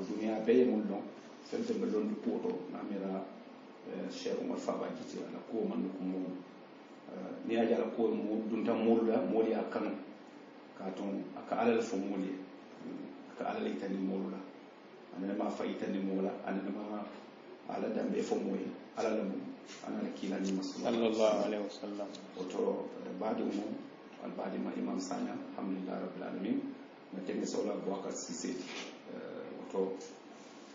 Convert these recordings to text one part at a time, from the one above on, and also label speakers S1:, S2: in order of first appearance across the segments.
S1: ko duniya beye mun ɗon fen fen ɓe londi puoto namira cheikh eh, oumar faba jiti ala kuwo mandu ko mawɗu eh, ni aji ala kuwo ɗum tan mawɗuɗa mawɗi a kano ka toon aka alal fo mawɗi e aka alal itani mawɗuɗa ananema fa itani mawla ananema ala dambe fo moyi ala la mum anala kiilanima sallallahu alayhi wa sallam oto eh, baadi umo albaadi ma imam sagna alhamdulillah rabbil alamin na tege sohla boacar sisedi to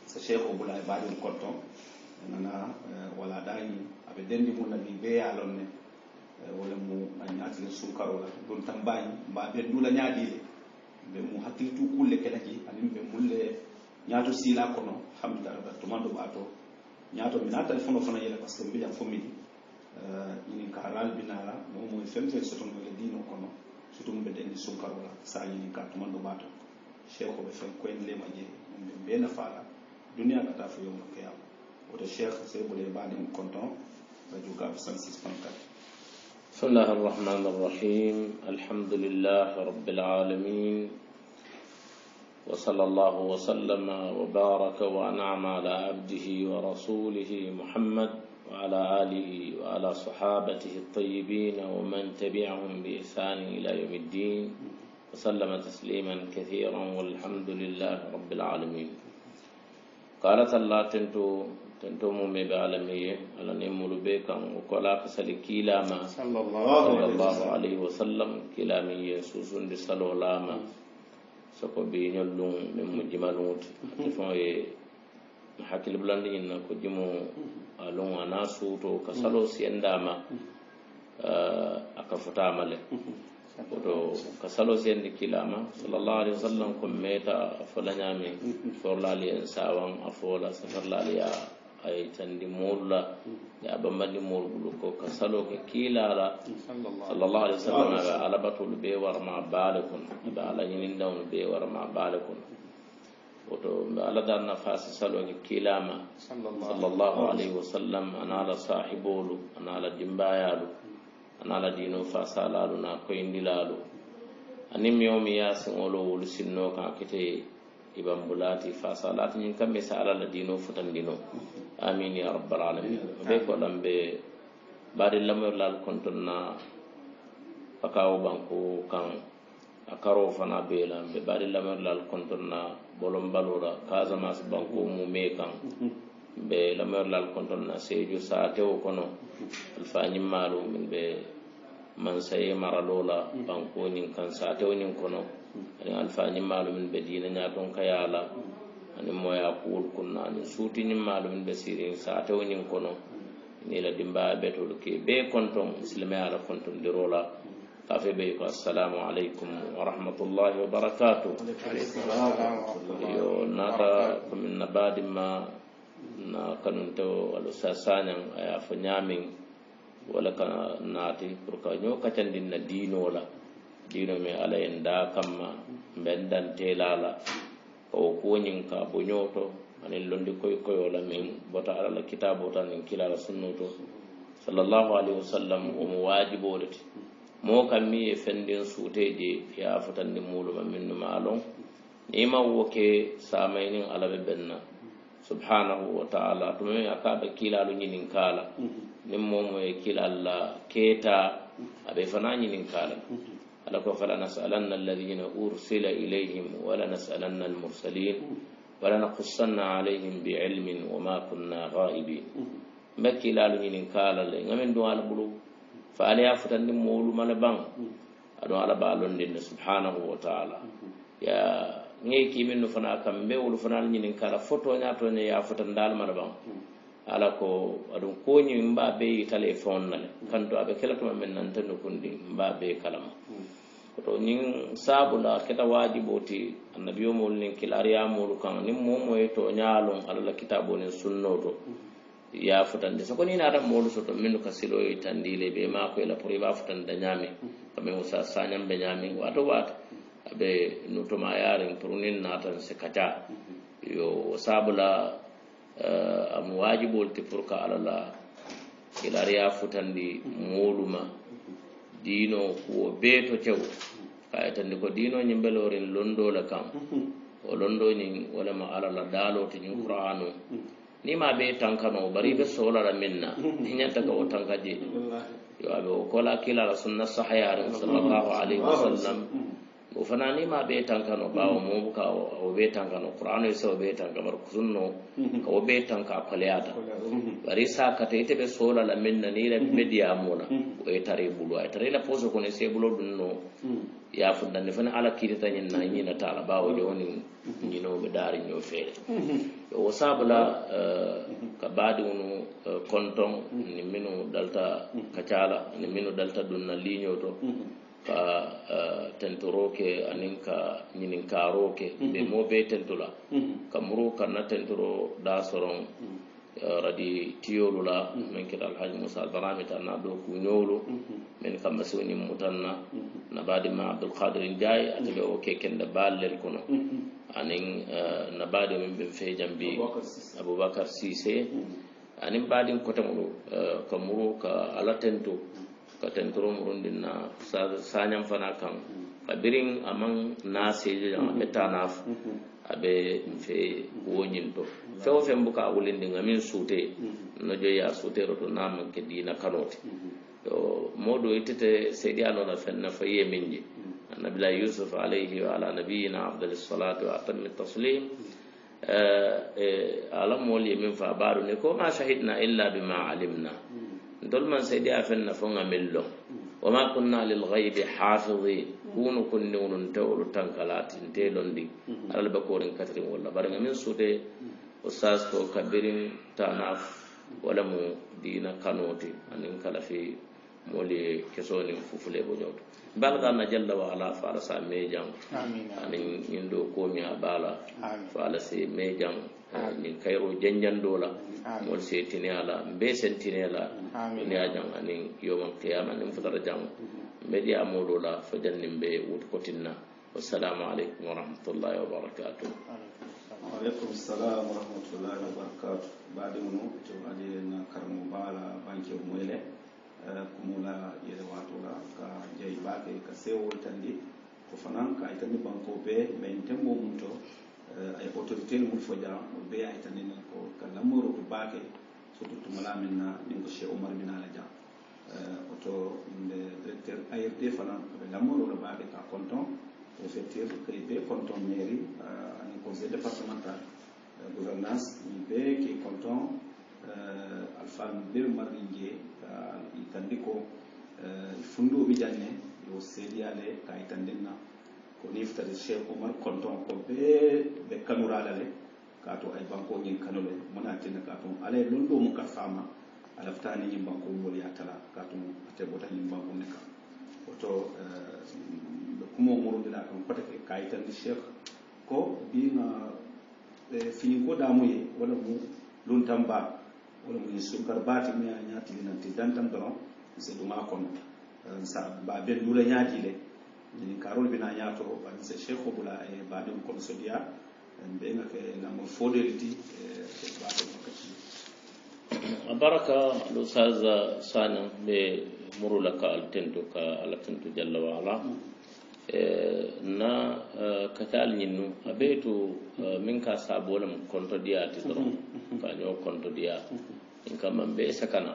S1: sa cheikh obula e mbaɗin kotton nana eh, wala dañi aɓe dendi mo nabi be yalonne eh, wala mu a ñaatilen tam bañ ba be mba la ndula le be mu tu kulle kelaji anin ɓe mulle ñaato siila kono hamdulillah tumanɗo ɓa to ñaato mi naata fono fana yela par ce que mbiɗan fommidi ñinin eh, ka ralbinala no moye femfe sotonoye diino kono be dendi andi sunkarola sa ñinin ka mando ba to شيخ be fen ko le maje be na fala duniya ka ta fiyo mo kiyam oto sheikh sai bude ba din konton ba juga
S2: بسم الله الرحمن الرحيم الحمد لله رب العالمين وصلى الله وسلم وبارك وانعم على عبده ورسوله محمد وعلى اله وعلى صحابته الطيبين ومن تبعهم باحسان الى يوم الدين وسلم تسليما كثيرا والحمد لله رب العالمين قالت الله تنتو تنتو مومي بعالمي على نمولو بكم وقال فسل كيلاما صلى الله عليه وسلم كيلامي يسوس بسلو لاما سكو بينيلون من مجملوت فون hakkil bulandi in na ko jimo alon ana suuto ka oɗo ka salosiyande kilama salllahu alih wa sallam ko meta folañamin forlali en sawan a foola so forlali a ay tandi mulla ya ɓambandi mulɓulu ko ka saloke kiilala salllahu alih wa sallam aɓe alaɓatolu ɓe warma baale kono aɓe alañininɗawnu ɓe warma baale kono oto mbe ala darna faasi saloke kiilama salllahu alayhi wa sallam anaala sahibolu anaala dimbayalu mm. anala dino fasalalu na koyindilalu anin miwo mi yasinŋolo wolu sinno kan kete ibambulati fasalati ñin kambe sa ala la dino futandino amin ya rabbal alamin be ko lambe badi lamoyrlal konton na akawo banko kan a karo fana be lambe badi lamoyrlal konton na bolombalora kasamas banko mume kan mm -hmm. ɓe lamorlal konton na seju saatewo kono alfañimmaalu min ɓe mansaye maralola bankonin kan saatewonin kono ani alfañimmaalu min ɓe diina ñaton kayaala ani moya kuwol kunna ani suutiñimmaalu min ɓe sirin saatewonin kono nila dimbaɓetol ke ɓe konton silmayala konton dirola kafe ɓey ko assalamu aleykum wa rahmatullahi wa barakatuh yo nata komin nabadima na kanunto walla sasanen aya fo ñamin walla ka naati pour que ño kaccandin na diinola diino me ala en da kamma mbendan telala kawo kuwoñin ka boñoto anin londi koy koyola min bota alala kitabo tan en kilala sunnoto sallallahu alayhi wa sallam omo waajiboreti mo kammi e fenndin suuteji yaafotandi muuluma min numa alon nima woke samaynin alaɓe benna subhanahu wa ta'ala to men aka da kila lu nyinin kala nim momo e kila la keta abe fana nyinin kala ala ko fala nas'alanna alladhina ursila ilayhim wa la nas'alanna al-mursalin wa la naqussanna alayhim bi ilmin wa ma kunna ghaibin makila lu nyinin kala le ngamen do ala bulu fa ala ya nim molu mala bang ado ala balon din subhanahu wa ta'ala ya ngay kiimino fana kam mbe wolu fanal ñinin kala fo toña toña yafota ndalmana ban hmm. ala ko aɗum koñi mba be yitale fonnale hmm. kanto aɓe kelatuma men nantani kondi mba be kalama hmm. koto ñin sabula keta waji ɓoti annabiyomol nin kila aryamolu kan nin momoye toñalon alalah kitaboni sunnoto yafutande soko nin adam molu soto minu ka siloyo tandile ɓe mako ela pour iwa futande dañami kamin usa sañamɓe ñamin wato wata ɓe nutuma yaren pronin natan sekata yo sabula eh, am wajibolte pour que alala ilariya futandi moluma dino kuwo beeto tew kaye tandi ko dino ñimbelorin londola kam o londoñin wolema alala dalote ñin qouranu nima ɓe tankano bari ɓe solala minna ñantaka o tankadi yo aɓe o kola kilala sunna sahayarin sallallahu alayhi wa sallam o fana ni ma ɓe tankano bawo momu ka o tanka tankano qur'an isa so be tanka bar kusunno ka o ɓe tanka paleyata bari sa kata sola la minna ni la mm-hmm. media amuna o e tare e tare la poso kono se dunno mm-hmm. ya no yafuddande fana ala kiitata ñin na ñinata mm-hmm. ala ɓawo joni ñinoɓe dari no fere o sabula uh, ka baadi unu uh, konton ni minu dalta kachala ni minu dalta dunna linyo to ka uh, eh, tentoroke anin ka ñininkaroke mm -hmm. ɓe mo be tentula mm -hmm. kamuru kanna tentoro ɗa soron mm -hmm. uh, radi tiyolu la mm -hmm. min keɗa alhaji moussa albarami tanna ɗo kuñowlu mm -hmm. min kamma siwonin mutanna mm -hmm. nabadima abdoulkadiri ndiay a teɓe mm -hmm. o ke kende ballel kono mm -hmm. anin uh, eh, nabade min ɓen feejam bi aboubacar sise mm -hmm. anin baɗin kotemoɗo uh, kamuru ka ala tento mm -hmm. ka tentoro murundin na sanyan fana kan kabirin aman na seje jama meta na abe fe wonyin to fewo fen buka wulindi ngamin sute mm-hmm. no ya sute roto namin ke dina kanote to mm-hmm. modo itete a anona fen na faye minje mm-hmm. nabila yusuf alayhi wa ala nabiyina afdalis salatu wa atammi taslim eh, eh, alam mol yemin fa baro ne ko ma shahidna illa bima alimna ntolu man seydi a fenna fo ŋa min loŋ wa ma kunna lil gaybi hafidin kunu kunniunu nte wolu tankalati nte londiŋ alal be koriŋ katiriŋ wolla bari ŋa min sute o sas ko kabiriŋ tanaf wo lemu diina kanoti aniŋ kalafi moolu ye kesoniŋ fufule boñoto baal ka na jalla wa ala fa ala sa mei jaŋ aniŋ ñiŋ do koomi a baala fa ala si mei jaŋ ñiŋ kayiro janjandoo la wol setini ala mbe sentini ala ni a jang anin yoman qiyama nin fotata jango mhm. mbeɗi a muɗo la fo jannin mbe wuto kotinna wassalamu aleykum warahmatullahi wabarakatu
S1: aleykum salam warahmatullahi wabarakatu baɗimo no to ali na karmo bala banque moyle eh, komula yere watola ka jeyi baake ka sewol tandi ko fanan ka itandi banque ɓe min tembo mum to Eh, ay autorité mu mul fo jara o be ay tanen ko kala moro ko baake surtout tumala min na min ko cheikh omar min ala eh, euh auto le directeur art fana ɓe lamour ro baaɓe ka canton préfecture koye be canton mairie ani conseil départemental euh, gouvernance ni be ke canton euh, alfami be ɓe marri itandiko euh, i tandi ko fundu o yo seediyale ka i ni fitar cheikh mar konton ko be ɓe kanurala le ka to ay banko yin kano ne muna tinna ka tum ala ye londo mu ka a lafta ne yin banko wuri ya tala kato a taibota bota ñin banko ne kam woto kuma kumo murudila kam kote ke kayitandi cheikh ko bina fiñinko damuye wala mu luntan ba wala mu sunkar baati mu ya ñatilinanti dantan doron sai duma kwanu eh, sa ba ben dula yaki dai karol bina ñaato o bani se cheikh o bula e eh, baɗum comme sodia eh, mbega ke lamol fodelidi e eh, baɗum wakkati baraka
S2: ɗo sasa sana ɓe murula ka altento ka alatento jalla wa ala mm. na katal ñinnu aɓe to min ka sabolem contodiyati doron mm-hmm. mm-hmm. kaño contodiya mm-hmm. in kamman ɓe sakana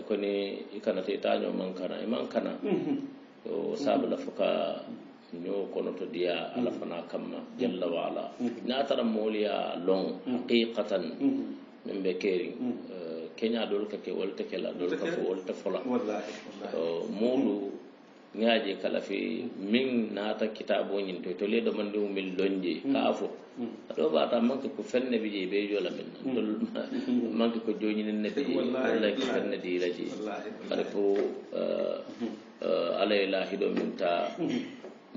S2: ikoni e ikanata e itaño man kana iman e kana to sabula foka ñoo kono to diya mm-hmm. ala fana mm-hmm. kamma jalla waala naatara mooliya loon mm-hmm. haqiqatan min be keeri eh, keñaadol ka ke wolta kela dol ka fo wolta fola moolu ñaaje kala fe min naata kitaboñin to to leeɗo man ndewumin loñje kaa fo aɗo baata manque ko fenne bi jee ɓe joola min tol manque ko joñinenne bi jee wallay ko fenne diira jee kada ko Eh, alla e ilahi ɗo min ta mm-hmm.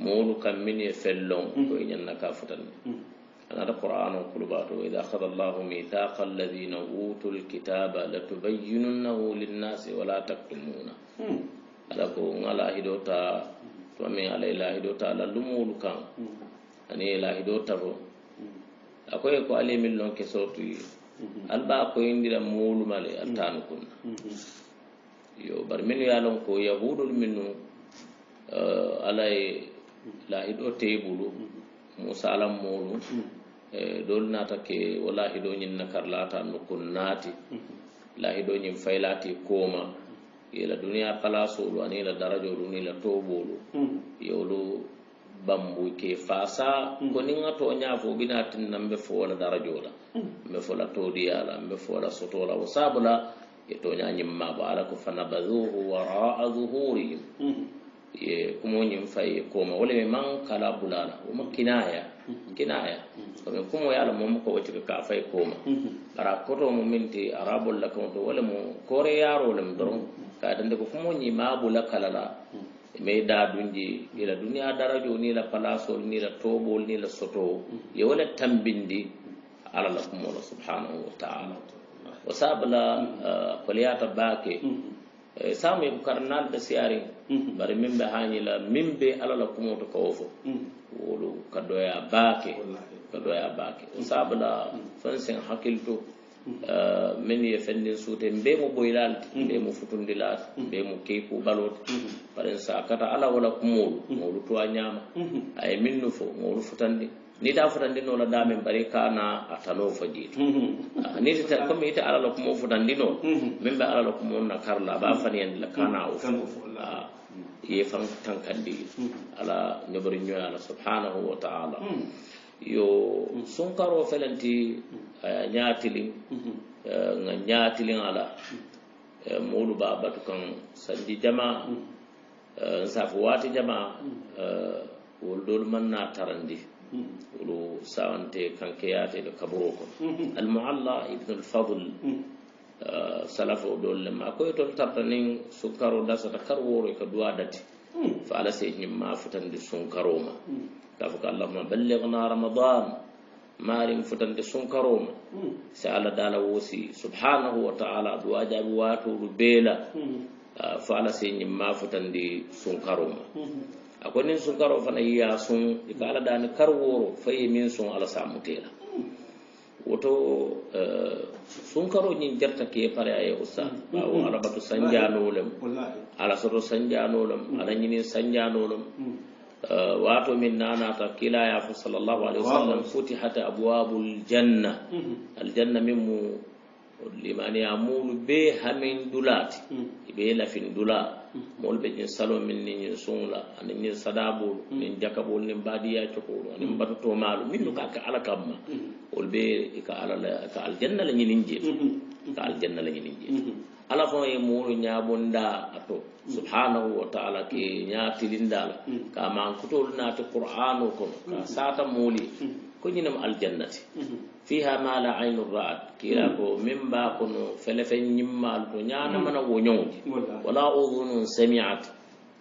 S2: moolu kam min e fellon mm-hmm. ko e ñanna ka fotanni mm-hmm. anata qouran o kulubato ida akhada allahu mithaqa alladina utu lkitaba latubayinunahu linnasi wala taktumuna ala ko alahiɗo ta tuma min ala ilahiɗo e ta lallu muulu kan ani ilahiɗo e tato a koye ko alimin lon kesotuyi alɓa koyindira muulumale altanukunna yo bar min ya lon ko yahudol min nu eh, alaye laahi ɗo teybulu musalam mm-hmm. muɗum mm-hmm. e eh, ɗol natake o laahi ɗo ñin nakar laata nokkun naati mm-hmm. laahi ɗo ñin faylaati kooma yila duniya kalasolu aniila darajolu niila toɓolu yowlu bambuy ke fasa ko ninga to ñaafo ɓina tinna mbe fola darajola mbe fola todiyala mbe fola sotola o sabula ye toñañim mabo ala ko fanabaduhu waraa zuhurihim hmm. ye kumoñim fay koma wolemi man kala bulala woma kinaya hmm. kinaya komi hmm. kumoyala moma ko wacciko ka fay kooma bara kotomo minti arabol lakamoto wolemo kore yarolem doron ka dande ko fumoñi mabula kalala mai da dunji ila duniya darajo ni la palasol ni la tobol ni la soto yo wala tambindi alala kumola subhanahu wa ta'ala to o sabla eh, koliyata baake mm-hmm. eh, samu yeɓe kara nalda siyari mm-hmm. bare min ɓe hañila min ɓe alala kumoto kawo fo mm-hmm. wolu ka doya baake ka doya baake o sabla fensen hakkilto eh, min ye fendin suute mbe mo ɓoylalde mbe mo futundilade mbe mo keyku ɓalode baren sa kata ala wala kumolu molu towa ñama aye min no fo molu futandi ni ta fotandinola damin ɓari kana a tano fodit nicomme ite alala kumo fotandinol min ɓe alala kumona karla ba faniyandila kana o ah, ye fan tankandi ala ñoɓoriñoy ala subhanahu wa taala yo sunkaro felanti aya eh, ñatilin eh, ga ñatilin ala eh, mulu ba batu kan sandi jama n safo wati jama wol dolu manna tarandi ولو ساونتي كانكياتي دو كبروكو المعلى ابن الفضل salafo dolle ma koye toon tarta nin sukkaro dasata kar woro e ko duwa dati fa ala sey ñim ma futande sunkaroma ka fo ko allahuma balligna ramadan marim futande sunkaroma si allah dala woosi subhanahu wa taala duwa jaabi watoɗu beela mm-hmm. uh, fa ala sey ñim ma futande sunkaroma mm-hmm. a ko nin sun karo fana yiya sun i ka ala dani kar woro faye min sun ala samutela woto eh, sun karo ñin jarta ke pare aye ustad bawo mm-hmm. ala batu sanjanolem ala soto sanjanolem mm-hmm. ala ñini sanjanolem mm-hmm. eh, wato min nanata kilaya fo sallallahu alayhi wa sallam futihat abwabu ljanna aljanna min mu limani amunu be hamin dulati ibe mm. e lafin dula mm. mol be jin salo min ni jin sunla ani jin sadabo ni mm. jaka bol ni badiya tokoro ni mbato to malu min ka ka ala kamma ol be ka ala ka aljanna la ngini je mm-hmm. mm-hmm. ka aljanna la ngini je mm-hmm. ala ko e mulu nyabonda ato subhanahu wa ta'ala ke nyati lindala ka man kutol na to qur'anu ko ka sata muli ko nyinam aljannati fiha ma la aynu ra'at kila ko min ba kono fele fe nyimmal to nyana mana wonyonji wala udhunun sami'at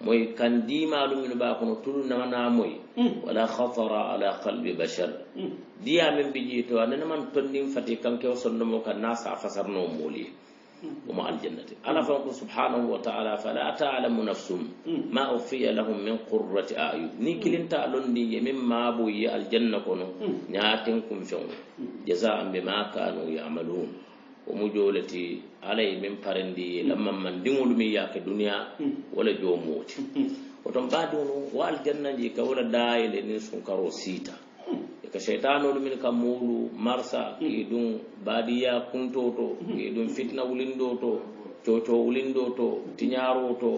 S2: moy kan dimalu min ba kono tulu nana moy wala khatara ala qalbi bashar diya min biji to anan man tonnin fati kan ke sonno mo kan nasa fasarno muli ومع الجنة على فوق سبحانه وتعالى فلا تعلم نفس ما أخفي لهم من قرة أعين نيكلين تعلن دي مما بوي الجنة كنو نياتنكم فيهم جزاء بما كانوا يعملون ومجولتي علي من فرندي لما من دمول مياك دنيا ولا جو موت وتنبادون والجنة جيك ولا دايل نسون كرو سيتا ko seitano ɗumen kam muɗu marsa ki ɗum baadiya kunto to ki ɗum fitna wulindo to coco wulindo to tiñaro to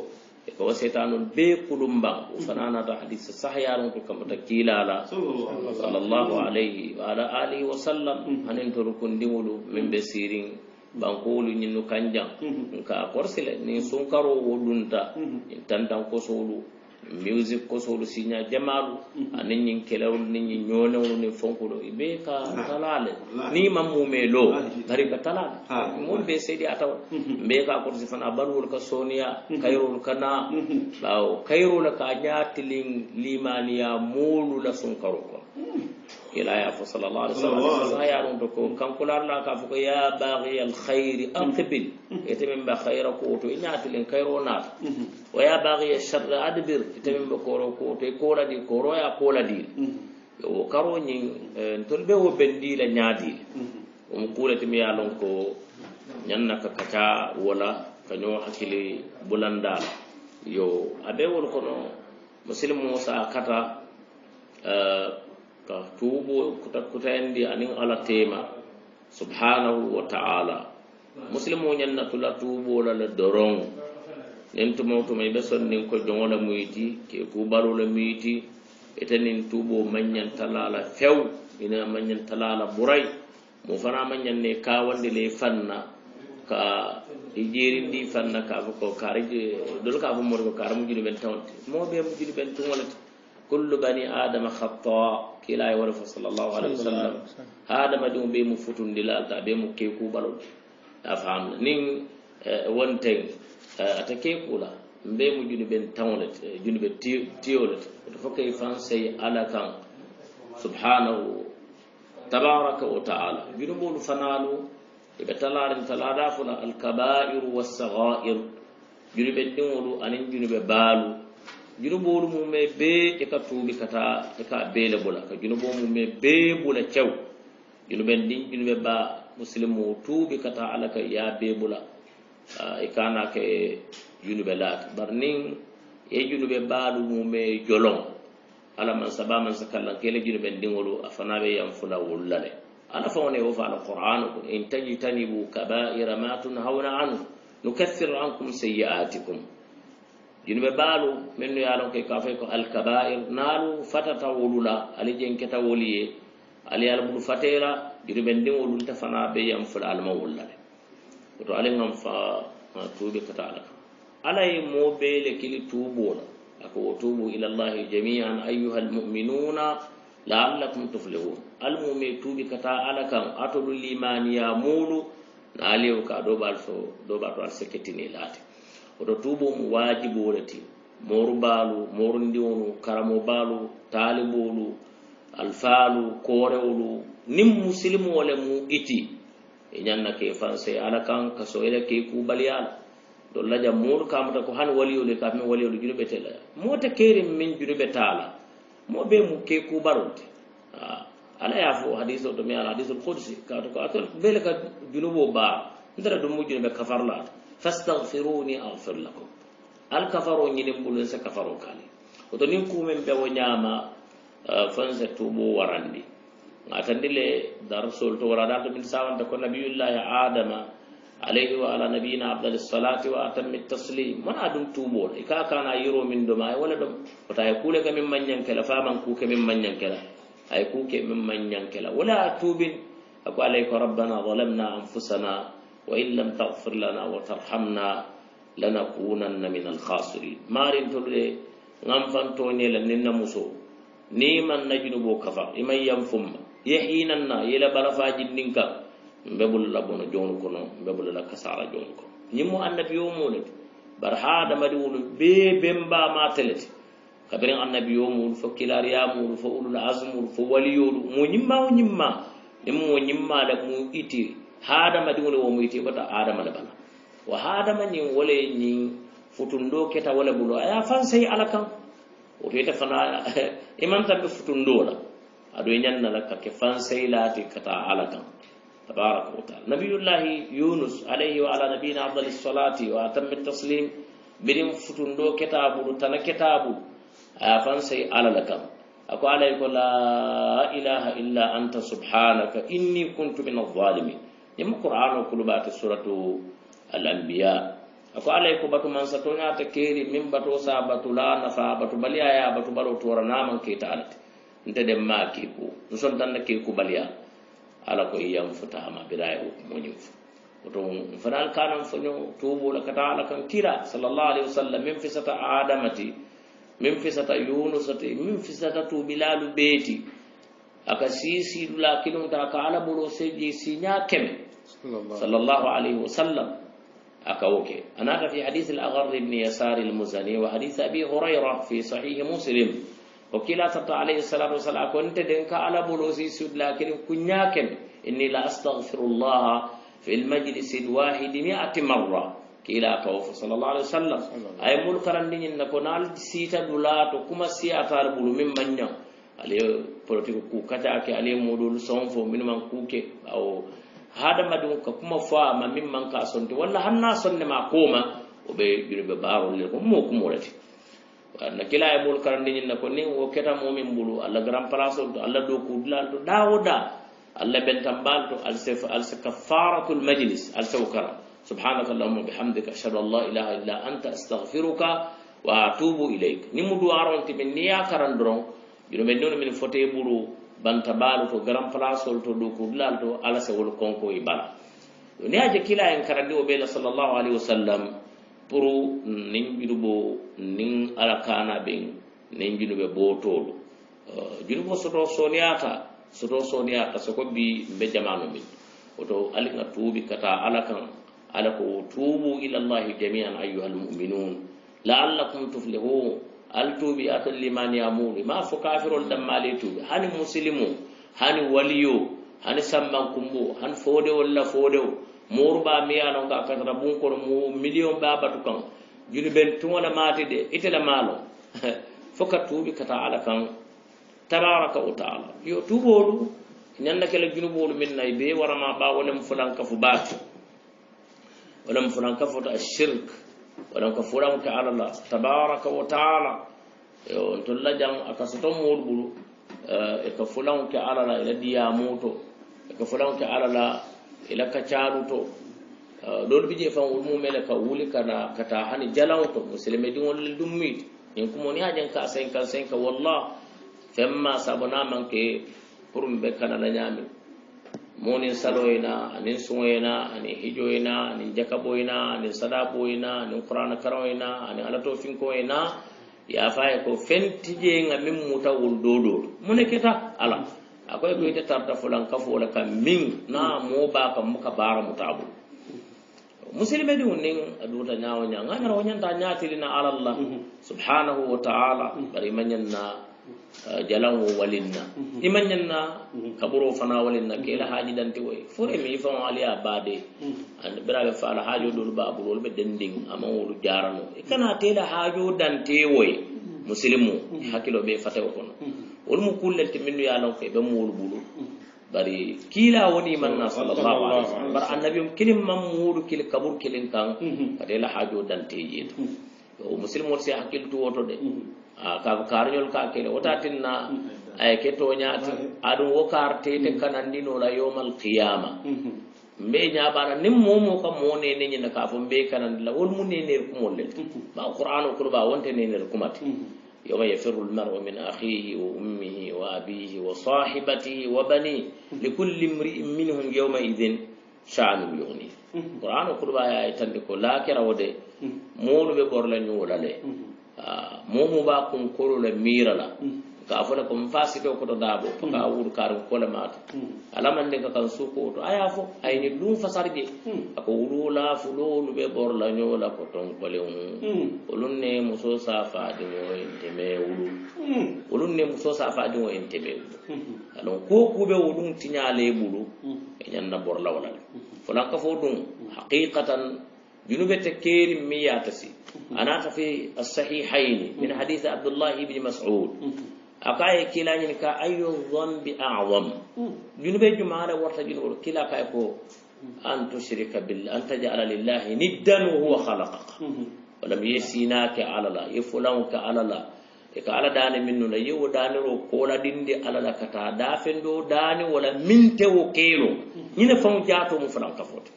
S2: eko wa seitano be kuɗum bang fananata hadice sahyaron to kamata kiilala salllahu alayhi wa ala alihi wa sallam hanen to rukundiwolu min ɓe sirin bankowolu ñinnu kan jang ka korsile nin sunkaro wo ɗunta in tantankosowlu music kosolu siña jamalu mhm. anin ñin kelawol ni ñin ñoonewol ni fonkuɗo i ka ah. talale ni ma mume lo bari ka talale ah. mun ɓe seedi a tawa mbe mhm. ka kotosi fana balwol ka soniya mhm. kayrol ka na ɓawo kayrola ka ñatilin limaniya mulu la sunkaro kila ya fi sallallahu alaihi wasallam sai ya rundo ko kan kular na ka fuka ya baghi al khair anqbil ita min ba khair ko to ina tilin khairo na wa ya baghi al shar adbir ita min ba koro ko to ko la di koro ya ko la di o karo ni ton be wo bendi la nyaadi o um, kula timi ya lon ko nyan na ka kata wala ka kanyo hakili bulanda yo abe wol ko no muslimu musa kata eh, ka tuubo kutakutayandi anin ala tema subhanahu wa taala musilimu ñannatula tuuɓolale doron nin tumotuma i ɓe son nin ko joŋole muyiti ke kubarole muyiti ite nin tuubo mañantalala few ina mañantalala buray mu fana mañanne kawandi le fanna ka i jirindi fanna kafo ko kar dol kafo mori ko kara mujuni ɓen tawonte mo ɓe mujuni ɓen tuŋolete كل بني آدم خطاء كلا يورف صلى الله عليه وسلم, وسلم. هذا ما دون بيمو فتون دلال تا بيمو كيكو بلو أفهم نين وانتين آه، آه، أتكيكو لا بيمو جوني بين تاولت آه، جوني بين تيولت فكي فانسي على كان سبحانه تبارك وتعالى جوني بول فنالو يبتلارن تلارافنا الكبائر والصغائر جوني بين نولو أنين جوني بالو junuboolu mume bee i ka tuubi kata i ka bee le bula ka junuboo mume bee bula cew junube niŋ junube ba musilimu tuubi kata alla ka ye a bee bula i ka na ke junube laati bari niŋ i ye junube baalu mume joloŋ alla mansaba mansa kallan ka i le junube ndiŋolu a fana be yanfula wolu la le alla faŋo ne wo fa ala qur'anu ko in tajtanibu kabaira ma tunhauna anu nukathiru ankum sayi'atikum yimɓe baalu min no yaalon ke kafe ko alkabair naalu fatata wolula ali jeng keta woli ye ali alabulu fatera yimɓe ndin wolulta fana ɓe yam fula alama wollare oto ali gam fa tuuɓe kata ala kam ala ye mo ɓeele kili tuuɓola ako wo tuubu ila llahi jamian ayuha almuminuna laallakum tuflihun almumi tuuɓi kata ala kam atolu limaniya muulu naaliyo ka ɗoɓa to ɗoɓa to al sekkitini laate koto tubum wajibolati moru baalu morundiwolu karamo baalu taalibolu alfaalu korewolu nin musilimole mu iti iñanna e ke fansey ala kan ka soyle ke kubaliyala dollaja moolu kamata ko hani waliyolu kamin waliyolu junube tela moote keri min junube taala mo be mu ke kubarolte ah, ala ya fo hadise o to mi ala hadise ul kudsi kato ko atol bele ka junubo baa ntara dumbu junube kafarlaata fastaghfiruni aghfir lakum al kafaro ñinin bulu sa kafaro kale oto nin kumen bewo ñama fansa tubo warandi atandi le darusol to wara dal to min sawanta ko nabiyullahi adama alayhi wa ala nabiyina afdal salati wa atammi taslim mana ɗum tuɓol e ka kana yiro min doma e wala ɗum wata hay kuule ka min mañankela faman kuuke min mañankela hay kuuke min mañankela wala tuɓin ako alay ko rabbana zalamna anfusana wa illee namtaa uffatul nama wa ta' al hamda nama na nama na min al khaasurri maari tol dee nama faan toob nee na namusoo nii ma na junu bo kafa i ma yaa fauma yahiinanna yila balafaaji ninka mbabula la bun joonu kuno mbabula la kasara joonu kono nimoo anna biyoo muurate bara haa damadhi wonu bee been baamaa taatee kabiri anna biyoo muurate fa kilaaryaa fo fa ulula azimuuru fa wali yoo lu muu nyimaa o nyimaa muu ite. haadamadiŋo le wo mu itibata adama le bala wo haadamaniŋ wo le ñiŋ futundoo keta wo le bulu a ye a faŋ sayi ala kaŋ woto ite fanaŋ i maŋ tanbi futundoo la aduŋ i ñaŋ na la ka ke faŋ sayi laati ka taa ala kaŋ tabaraka wa taala nabiyullahi yunus alayhi wa ala nabiyina afdali salati wa atami taslim biriŋ futundoo ketaa bulu tana ketaa bulu a ye a faŋ sayi ala le kaŋ ako ala ye ko la ilaha illa anta subhanaka inni kuntu min alzalimin yimɓe qur'an o kulubate suratu al anbiya ako alay ko batu man sa toñata keri min bato sa batu la nafa batu baliya ya batu balo toranaman keyta alate nte ɗen ma ke kiku n sontanna kiku baliya ala ko iyan futama biraye hukumoñin fo oto n fanal kanan foño tubola kata ala kan kira sallllahu alaihi wa sallam min fisata adamati min fisata yunusati min fisata tubilalu beeti aka sisiɗula kilonta aka ala ɓolo seje siña keme صلى الله عليه وسلم أكوكي أنا في حديث الأغر بن يسار المزني وحديث أبي هريرة في صحيح مسلم وكلا تطع عليه الصلاة والسلام كنت دنك على بلوزي سود لكن كنياكم إني لا أستغفر الله في المجلس الواحد مئة مرة كلا كوف صلى الله عليه وسلم أي ملكرا إنك نال سيتا دولات وكما سياتا بلو من منيا عليه بروتيكو كوكاتا عليه مودول صنفو من من كوكي أو hada madun ka kuma fa min man ka sonte walla hanna sonne ma koma o be baro le ko mo ko kumolati na kila e mol karandiñin na ko ni wo keta mo min bulu alla grand place alla do ko kudulal do ɗawo ɗa allah bentambal to alsa kafaratul majlis al kara subhanaka allahuma bihamdika ashhadu an la ilaha illa anta astahfiruka wa atubu ileyk ni mu duwaronti min niya karan doron juɗo men nono min fote ɓuru banta baalu to grand placol to ɗo kurlal to alasewol konko e bala to ne aje kila en karandi o ɓeyla sallllahu alayhi wa sallam pour nin junubo nin alakana ɓen nin junuɓe botoɗo eh, junubo soto soniyata soto soniyata soko bi be jamanu min oto alinga tuubi kata ala kan ala ko tuubu ilallahi jamian ayuha almuminun laallakum tuflihun al tuubi atol limani amuɗo ma fo kafirol ɗammali tuubi hani musilimu hani waliyo hani sambankumbo hani wala fode murba miya miyano ga kasata bun ko mu million ɓa batu kan ben ɓen tugona mati de itela malo fo ka kata ala kan tabaraka wa taala yo tuuɓoɗu ñanna kela junuboɗu min nay be warama ɓa wonem fulanka fo baake wonem kafu ta shirk walaw ka furan ke ala la tabaraka wa taala tolla jam a kasoto moolu bulu eh, e ka fulan ke ala la ila diyamuto e ka fulan ke ala la ila kacaruto lolu eh, bi jee fan wol mumele ka wuli kana kata hani jalawto musilime diŋolle dummiti ñin kumoni ajan ka sen kan sen ka wallah femma sabona manke pour mi be kana la ñamin monin saloyna anin sugoyna anin hijoyna anin jakaɓoyna anin sadaɓoyna anin qurana karoyna anin alato finkoyna yafaye ko fentijeyga min muta wol dodo moneketa ala akoye koyte tarta fulan kafola kam min na moba kam muka bara mutabo musilme ɗi nin a duta ñawoña ganara woñanta ñatirina alallah mm-hmm. subhanahu wa taala mm-hmm. bari mañanna Ah, jalanwo walinna mhm. imañanna mhm. kaɓuro fana walinna kela haajidante woy fore mi fan ali a baade mhm. ande ɓiraɓe faala haajo ɗol baabul wol ɓe denndin aman wolu jarano e kana tela haajo dante woy musilimu hakkilo ɓe fatewo kono wolmo kullelte minno yalanko e ɓen wolu ɓulu bari kiila woni manna sallallahu alai wasallam bara annabium kilin man muɗu kil kaɓur kilin kan ka tela haajo dante jeeto o musilimu wot si hakkiltu woto de kaɓe ah, karñol ka kele wota tinna mm-hmm. ay kettoñaati mm-hmm. aɗum wo kartete mm-hmm. kanandinola yomal qiyama mbe ñaɓaɗa nin momo kam mo neneñina ka fo mbe kanandila wolmu nenere kumollel ba qouran o kuɗo ɓa wonte nenere kumate yoma yafiru lmaru min ahihi wa ummihi wa abihi wa sahibatihi wa bani li culli mriin minhum yawmaidin shanu yuni qouran o kuɗo ɓa yaye tandi ko lakira wode moluɓe ɓorle ñuwolale Ah, mumuba kunkolu le mira la mm. ka fola ko fasito koto daabo paka mm. wur kar kola mato mm. alamande ka kan suko to aya fo ay ni dum fasarge ako wulula fulo no be bor la nyola ko ton bale mu ulun ne muso safa de mo enteme wulu ulun ne muso safa de mo enteme
S3: mm-hmm.
S2: alon ko ko be wulun tinyale bulu e mm-hmm. enyan na bor la wala fola ka mm-hmm. fo dum haqiqatan junube te keri miyata si أنا في الصحيحين من حديث عبد الله بن مسعود akaye kilañin ka ayu dhanbi a'zam junube jumaala warta junubol kila kaye ko an tushrika billah an tajala lillahi niddan wa huwa khalaqaka walam ye sinake alala ye fulanke alala e ka ala dani min nuna yewo daniro kola dindi alala kata dafen do dani wala min tewo kelo ñine faŋ jaato mu fanan kafote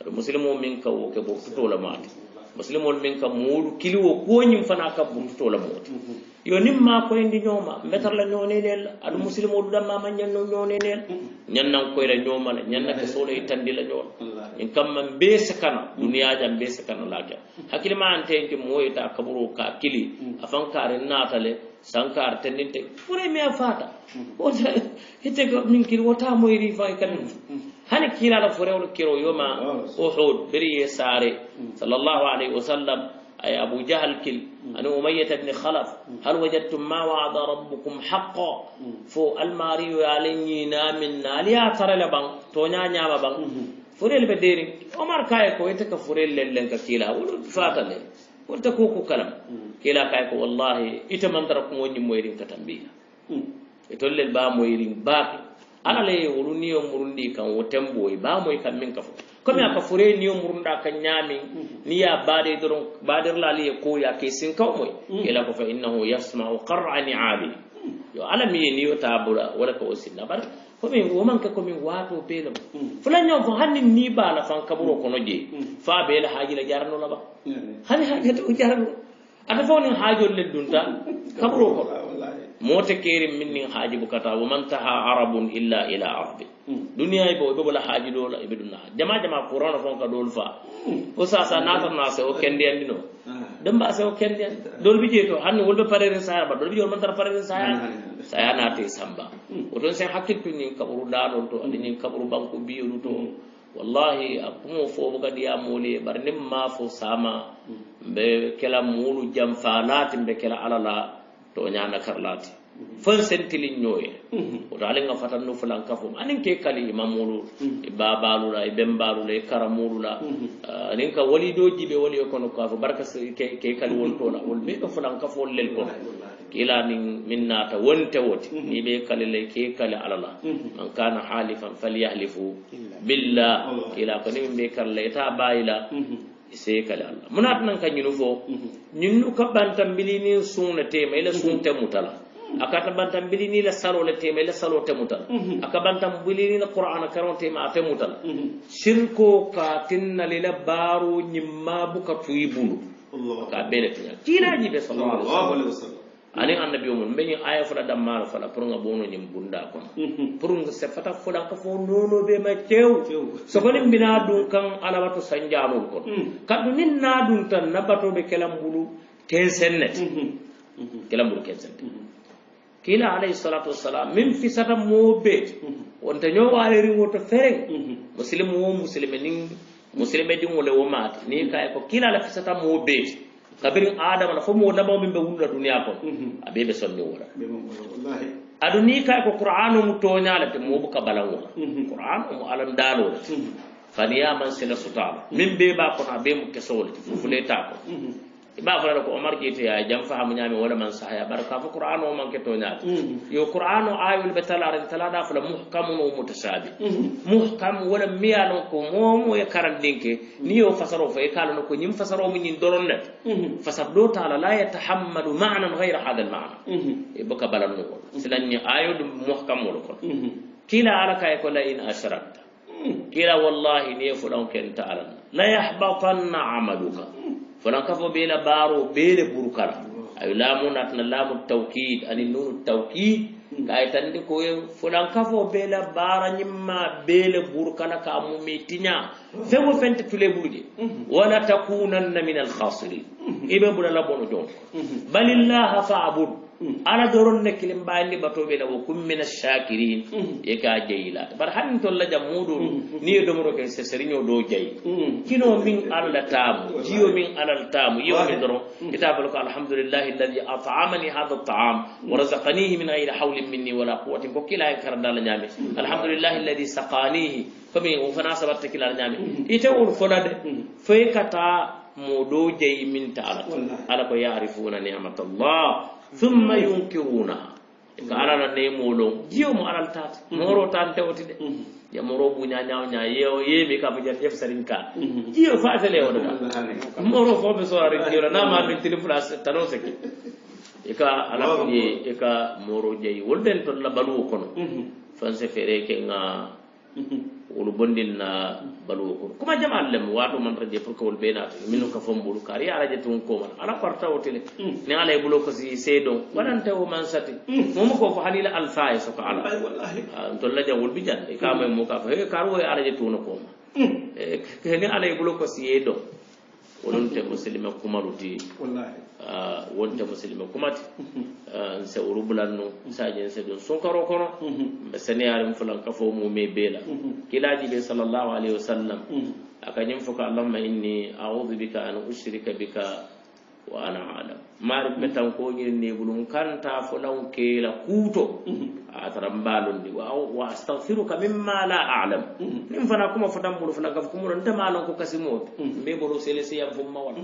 S2: aɗa musilimo min kawo ke bo tutola mate muslimol min kam muɗu kiliwo koñim fana kam bumtutola mooti yo nin ma koyndi ñooma mbetarla ñooneneela aɗa musilima o ɗuɗan mama ñanno ñooneneela ñannan koyra ñoomala ñannake soolo e tandila ñoola min kamma mbeese kana duniyaji am mbeese kana laakel hakkille ma an teyke moyita kaburo ka kili a fankare naatale sankare tenndin te pourémie a faata ota mm. hitte min kili wota moyri fa e kalen mm. هل كيلا لفوري ونكيرو يوما آه. أحود بري ساري صلى الله عليه وسلم أي أبو جهل كل أنا أمية بن خلف هل وجدتم ما وعد ربكم حقا فو الماريو يالني نامن ناليا ترى لبان تونيا نياما بان فوري البديرين عمر كايكو يتك فوري اللين كيلا ولو قلت كوكو كلام كلا كايكو والله يتمنى ركم وني مويرين كتنبيه يتولي البام مويرين باقي alala ye wolu niyo murundi kan wo temboyi bamoyi kan min ka fo comme a ka fore niyo murunda kan ñamin mm-hmm. ni ya baade doron baderlali ye koya ke sinkaw moy mm-hmm. ila ko fa innahu yasmau qarra ni ali mm-hmm. yo ala mi ye niyo ta bula wala ko o sinna bara komi woman ke komin wato belam fulañon fo hanni ni bala fan kaburo kono je fa bela hajila jaranola ba hani hajatoo jaranola ada fo nin haajol le dunta kabro ko moote keeri min nin haaji bo kata wo man taha arabun illa ila arabi hmm. duniya bo ibe bola haaji dola ibe dunna jama jama qur'ana fon ka dol fa hmm. ko sa sa na tan na se o kendi andi no ah. dem ba se o kendi andi dol bi je to hanne wolbe pare re sa ba dol bi wolman tar pare re sa sa ya na te samba hmm. o don se hakki tunni kabru da dol to andi nin kabru banko biiru to wallahi a kumo fofo kadi ya moolu ye bari nin ma fo sama mbe kela moolu janfanaati mbe kela ala la to ñana karlaati fan sentili ñooye woto mhm. ali nga fatannu fulankafom anin ke kali ima e moolu i mhm. e babalu la i e bembalu la i kara moolu la mhm. ah, anin ka waliidoo jibe waliyo kono kaafo barka ke kali won toona wol mbe ɓe fulankafol lel kono kila min minna ta wanta woti ni ɓe kalile ke kale alala an kana halifan falyahlifu billah kila ko ni min ɓe kalile ta bayila mhm. sai kale allah muna tanan mhm. ka ñunu fo ñunnu ka bantambilinin suuna tema la suunte mhm. mutala akata bantambilini la salo le tema la salo te mutala aka bantambilini la qur'ana karon tema ate mutala shirko ka tinna lila baro ñimma buka tuyi bulu ka bele tiña kilañi be sallallahu alaihi wasallam ani annabi mun men aya fula dam fala pour nga bono nyim bunda ko pour nga se fata fula fo nono be ma cew so ko nim bina dun kan alawatu sanjano ko mm. kadu nin na dun tan nabato be kelam bulu ken mm-hmm. mm-hmm. kelam bulu ken mm-hmm. kila alayhi salatu wassalam min fi sata mobe on ta nyo wale ri woto fereng muslim wo muslimin muslimin dum wala wo mat ni kay ko kila la fi sata mobe kabiri adama la fof mo nabaw min ɓe wunɗa duniya ko mhm. aɓe ɓe sonni wona aɗa ni kay ko qouran omo toñale te mo ka balan wona mhm. qouran omo alandalole mhm. faniyaman sena sutala min ɓeɓa kono aɓe mo kesole te fofuleta ko ba fala ko omar kiti ya jam fahamu ñami wala man sahaya bar ka fo qur'an o manke to ñaati yo qur'an o ayul be tala ar tala da fala muhkam o mutasabi muhkam wala miyalo ko momo e karandinke ni yo fasaro fo e kala ko nyim fasaro mu nyin doron net fasar do tala la yatahammalu ma'nan ghayra hadha al-ma'na e baka balan ko silanni ayul muhkam o ko kila alaka e ko la in asharakta kila wallahi ne fulan ken ta'ala la yahbatanna amaluka fonan kafo bela baaro ɓeele burkala ayo laamu natana laamu tawkid ani nunu tawkid kay tandi koye fonan kafo bela baara ñimma beele burkala ka mumi tiña fewo fente tuleburje wala takunanna min alhasirin iɓe ɓuralabono jonko mm-hmm. balillaha faabud أنا دورن نكلم بالي بتو بيدا وكم من الشاكرين يكاد جيلا برهان تولا جمودون نيو دمرو كن سسرين يو دو جاي كنو من على التام جيو من على التام يو من درو كتاب لك الحمد لله الذي أطعمني هذا الطعام ورزقنيه من غير حول مني ولا قوة بكلا يكرد على نعمي الحمد لله الذي سقانيه فمن وفنا سبت كلا نعمي إذا ورفنا فيكتا مودو جاي من تعالى على كي يعرفون نعمة الله summa hmm. yunkiruna ko hmm. alala neymoɗon jiyo mo alaltaate hmm. moro tan tewti de yamoro buñañawña yeo yeemi kam jati yef sarin ka jiyo fasele oɗo ka moro fo mi sorare jiyola namaɗum tiri place tano sekki e ka ala ko ƴeeyi e ka moro jeeyi wolden toon labaluwo kono fanse fere kenga wolu bondinna baluwo kono kuma jama alla lemmo waato man radie pour que wol ɓe naata minno ka fombolu kar ya radia tun koman ala kortawo tele hmm. ni alaye bulo kosi seedon hmm. waɗantawo man sati hmm. momo ko ko halila alfaye soko ala tolla jam wol bi jande kamoye mo ka fo he kar woye aradia tuno koma eh, ni alaye bulo kosiye don wolonte musilima kumaluti wallahi Ah, wonta fo silime kumati ah, nse urubulannu saje nse ɗon sunkaro kono mbe seneyarim fulan kafo me beela kilaji ɓe sallllahu alayhi wa sallam akañum fo allahuma inni a'udhu bika an ushrika bika wa ana alam maari ɓe tan ne bulun kanta fulan la kuuto a tara mbalundi wa astahfiruka mimma la alam nim fana kuma fotan ɓuru fana kaf kumuro nte malon ko kasimoto mbe ɓoro seleseyam fum mawal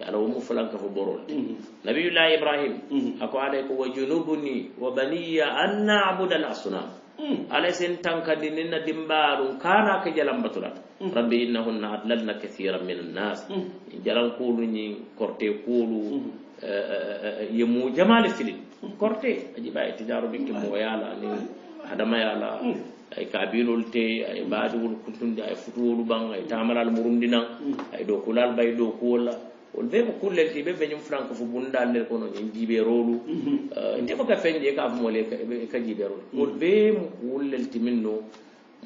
S2: ala wo mu fulanka fo borol de mhm. nabiyullahi ibrahim mhm. ako aɗay ko wa junubuni wa baniya an nabuda al asnam mhm. alay sen tankandi nenna dimbaɗum kana ke jalambatulata rabbi innahunna adlalna kathira min annas jalankuluñi eh, eh, eh, korte kuulu yemu jamali filin korte a jiɓa e tidaro ɓe kimmoo yaala ni adama yaala ay kabilol te ay mbaadiwol kutunde ay futuwolu ɓan ay tamalal murumdinan ay dokulal ɓay dokuwolla won fe ko kullel ɗi ɓe feñum franco fo bundal nder kono en jiiɓe rolu eh, ndema ka feñɗe ka fumole ka jiiɓe rolu won fe mo kullel timin no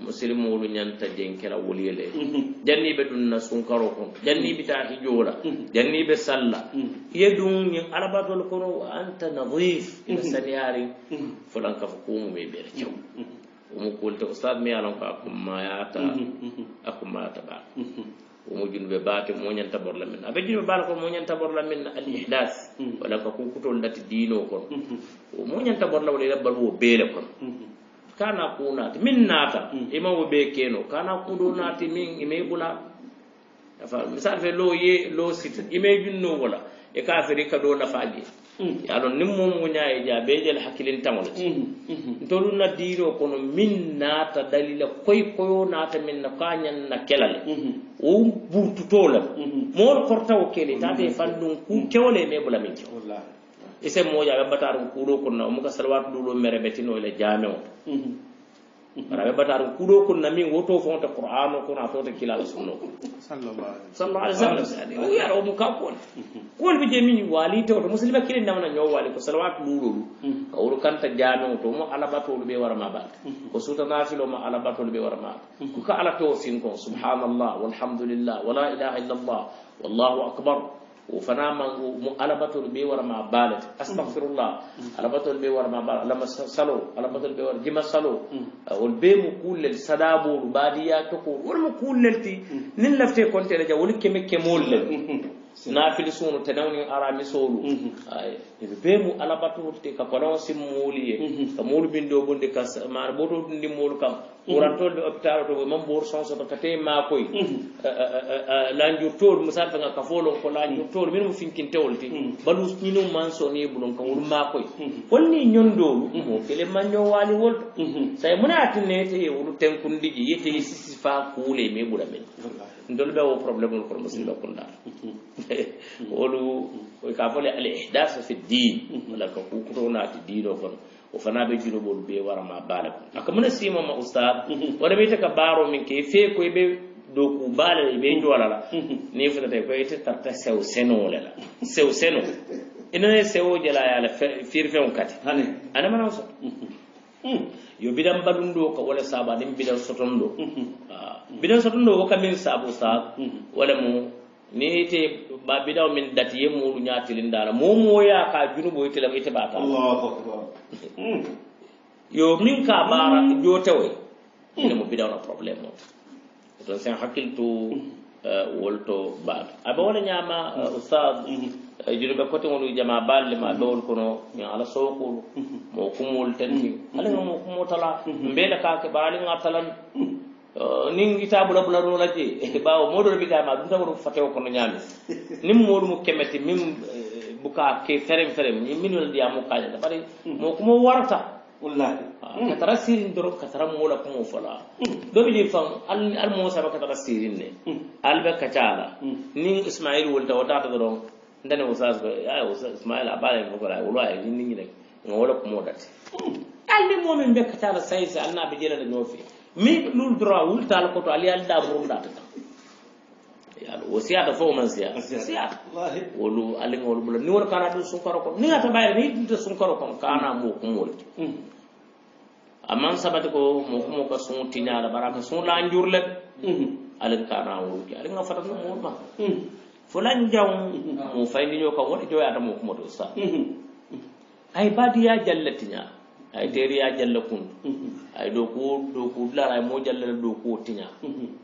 S2: musilimolu ñanta den kela wolyele janniɓe ɗum na sunkaro kon janniɓe taki joola janniɓe salla ye ɗum en arabatol kono anta nadif ina saniyari fulan ka fo kumume ɓere caw omo kulte ustade mi yalan ko akummayata akummayata ɓaa umujunuɓe baate moñanta borla min aɓe junuɓe baala ko moñanta borla min al ihlas mm-hmm. walla ko kukutol dati diino kon mm-hmm. o moñanta borla wala rabbal wo beele kon mm-hmm. kana ku naati min naata imamo e ɓe keno kana kuɗo naati min ima e gula misal fe lo ye lo sita ima e junno wala e kafiri ka ɗo nafaali hmm. alon nin mum ŋuña e ja beejel hakilin taŋol ti hmm, hmm, ntolu na diiro kono min naata dalila koy koyo naata min na ka ñan na kela le
S3: wo burtutoo
S2: la korta o kele taata e fandun ku kewole me bula min kew ise mooja ɓe kuro kuuro konna omuka salawatu ɗulo mere ɓetino ele to ana ɓe ɓataata ko kuɗo kon na min woto fonta qur'an o kono a fota kilala sunno ko sallallah alih w sallam o wiyaɗa omo kakkone kowol ɓe je min waali tewto musilima kilin namana ñoo waali ko salawatu luuɗolu ka wol kanta jaameo to mo alabatolu ɓe wara ma baata ko sutanafilo ma alabatolu ɓe wara maata ko ka ala tewo finkon subhanallah walhamdulillah wala ilaha illallah wallahu akbar fanamago mo alabatol ɓe warama balete astahfirullah alabatol ɓe warama bal alama salo alabatol ɓe war jima salo won be mo kullel sadaɓolu badiya toko wonmo kullelti nin lafte contele ja woni keme kemolle nafili suno tenawni arami soolu ay be mo alabatolte ka kono simmoliye ka molu min ɗo bonde kas mana ɓoto ndimmolu kam ɓurantoɗe mhm. ɗo hôpital to mamboru sonso to katee makoy lanjurtoɗo misal ɓe ga ka folon ko lanjurtoɗo mhm. min mo finkintewolti mhm. baɗus ɗinum man sone bunon kam wuro makoy holni ñondolu kele manño wali wolɗo sa mona atinete e wuro tenkundiji yete e sisi fa kuule mi ɓuura men ndol ɓe wo probléme ol kono musidɗo kundal wolu ka fole al ihdas fi din walla ka kukutonati diino kono o fana be junubolu be warama baale ko aka muna simama ustad wala be ite ka baaro min ke fee ko be doku baale i be jola la ni futata ko ite tarta sew senoo le la sew seno inane sewo jela ye ala firifeŋo kati adamanawo soto yo bidan balun do ka wala saba din bidan sotondo do bidan soton do min sabu sa wala mu ni te ba bidaw min dati ye mulu nyatilin dala mo mo ya ka junubo ite la ite ba ka Allahu akbar Hmm. yo min ka ɓara hmm. jo tewoy hmm. inemo bidawno probléme o ton sen hakkilto eh, wolto baɓe aɓe wona ñama eh, oustad eh, jinoɓe coté wonu jama balle ma ɓe won kono min ala sowkolo mo kumol tenti alaa mo kumo tala mbele ka keɓali ga talan nin guita ɓulaɓularo ladje ɓawo moɗo ɗo mbitama ɗum tan wonu fatewo kono ñamis nin moɗum keme ti min ka ke ferem ferem ni minul di amu ka da bari mo kuma warata wallahi ka tara sirin doro ka tara mola kuma fala do bi fam al al mo sa ka tara sirin ne al ba ka tala ni ismail wulta wata ta doro ndane usas ko ay usas ismail abale ko la wala ay ni ni ne wala kuma dati al ni mo men be ka tala sai sai al na bi jela da nyofi mi lul doro wulta al ko to al ya da burunda ta yalo wasiyata fo man siya siyata wolu aliŋa wolu bula niŋ wolu kana tu sunkaro kono niŋ ata bayira niŋ dunta sunkaro kono kana moo kumoo le ti a sabati ko moo kumoo ka suŋo tiñaa la bari a ka suŋo laanjuru le aliŋ kana wolu ke aliŋ ka fatata moolu ma fulan jaŋ moo fayindiñoo kaŋ wo le jooyaata moo kumo to sa ay baadiyaa jalla tiñaa ay teri ya jalla kuntu ay doku doku dulara ay mojallala doku tiña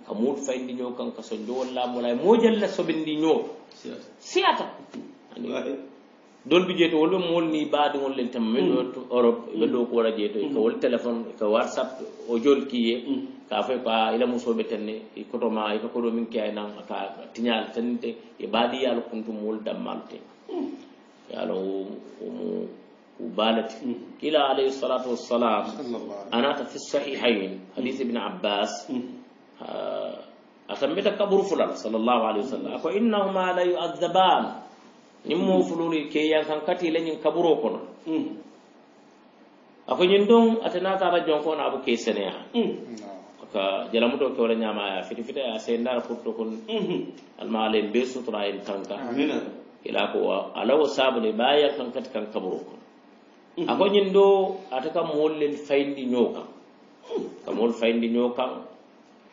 S2: ka mut fayndi ño kanka so jowol lamol ay mojalla soɓendi ñoo siyata dolbi jeeto wolɓe molni baadigol len tema men ɗoto mm. europe ɓe ɗo ko wara jeeto ko mm. wol téléphone ko whatsapp o jolkiye mm. ka foy ko a ila musoɓe tenne kotoma ika koɗo min kiyay nan ka tiñal tanite e baadi yaalo kuntu mol dammalo te yaalo omo وبالت قيل عليه الصلاة والسلام أنا في الصحيحين حديث ابن عباس أتمت قبر فلان صلى الله عليه وسلم أكو إنهما لا يؤذبان نمو فلولي كي ينكن كتي لن كبرو كنا أكو يندون أتناتا رجون كون أبو كي سنيا ka jalamuto ke wala ñama ya fiti fiti a sey ndara بيسو kon alma ala en be sutura en kanka ila ko alawo sabule ba a goñin mm-hmm. do ata kam mool len fayndi ñoo kan mm-hmm. ka mool fayndi ñoo kan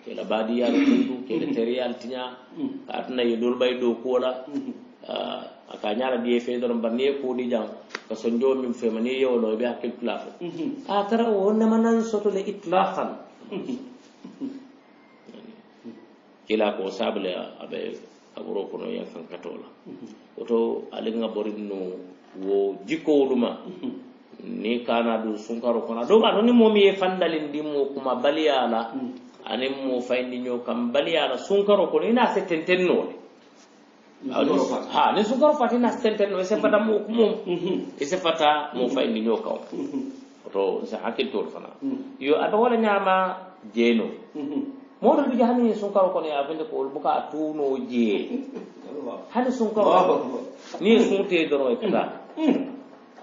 S2: kela baadiyal tundu kela teriyal tiña ka atanayo dool ɓay ɗo kuola mm-hmm. a ka ñara ɗiye fe doro mbar niye kuoni jang ka so joomin fema ni e yewolo e ɓe hakkil tula fo a tara wo nema nan soto le itlaqan kila ko sable aɓe kaɓuro kono yen kan katola woto aliga borin no wo jikowoluma ni kana du sunkaro kona do ga ni momi e fandali ndimo kuma baliyala mm. ani mo fayndi nyo kam baliyala sunkaro ko ina se tentenno ah, ha ni sunkaro fati na tentenno se fata mo kumo e se fata mo mm. mm-hmm. e mm-hmm. fayndi nyo kaw mm-hmm. to sa hakil tor fana yo aba wala nyama jeno modol bi jahani e sunkaro ko ne avende ko buka tuno je hani sunkaro ni sunte doro e kuda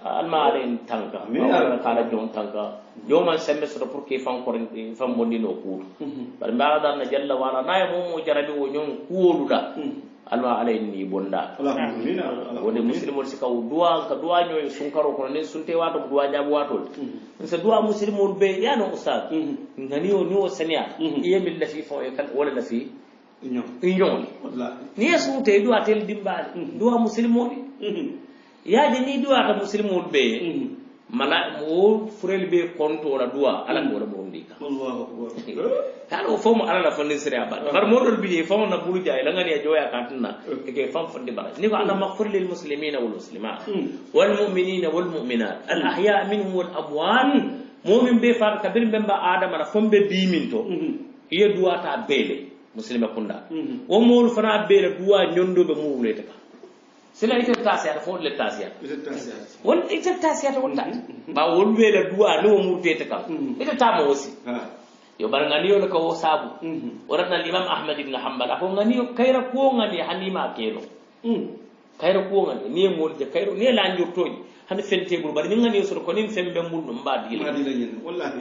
S2: almaaren tanka kana jon tanka joman sembe soto pour que fan kor fan bondino kuutu mhm. bare mbe ala darna jalla wala naye momo jarabi o ñon kuwoluɗa mhm. alma alay ni bonda wonde musilimol si kaw duwa ka duwa ñoy sunkaro kono nden sunte wato ko duwa jaabu watol mhm. so duwa musilimol ɓe yano oustad gani o ni o saniya iyemin lafi fan e kan wala lafi ñoon ni e sunte duwa tel dimbaali duwa musilimoli yaaji ni duwa ka muslimol ɓe mm. mala o furel ɓe contola duwa ala ngoola bondi ka kala o fo mo ala la fannisere a baɗ bar moɗol bi fa na bouludia e langani a jooya kantunna mm. eke fam fonde bala ni ko mm. ala makfori lel muslimina walmuslimat walmuminina walmuminat al ahya minhum wal abwan momin ɓe faa kabir mbemba adama ra fomɓe bimin to mm-hmm. ye duwata beele muslima kunda mm-hmm. o moolu fana beele duwa ñondoɓe muwuleteka silaita tasiyata fo le tasiyata won
S3: ita tasiyata won tan
S2: mm-hmm. ba wol wela duwa no mu tete kam ita tama wosi yo bar ganiyo le ko sabu waratna mm-hmm. limam ahmad ibn hanbal ako ganiyo kayra ko ngani hanima kelo kayra ko ngani ni mo de kayro ni la njortoji hani fentegol bari ni ganiyo soro ko nin fembe mul no mbadi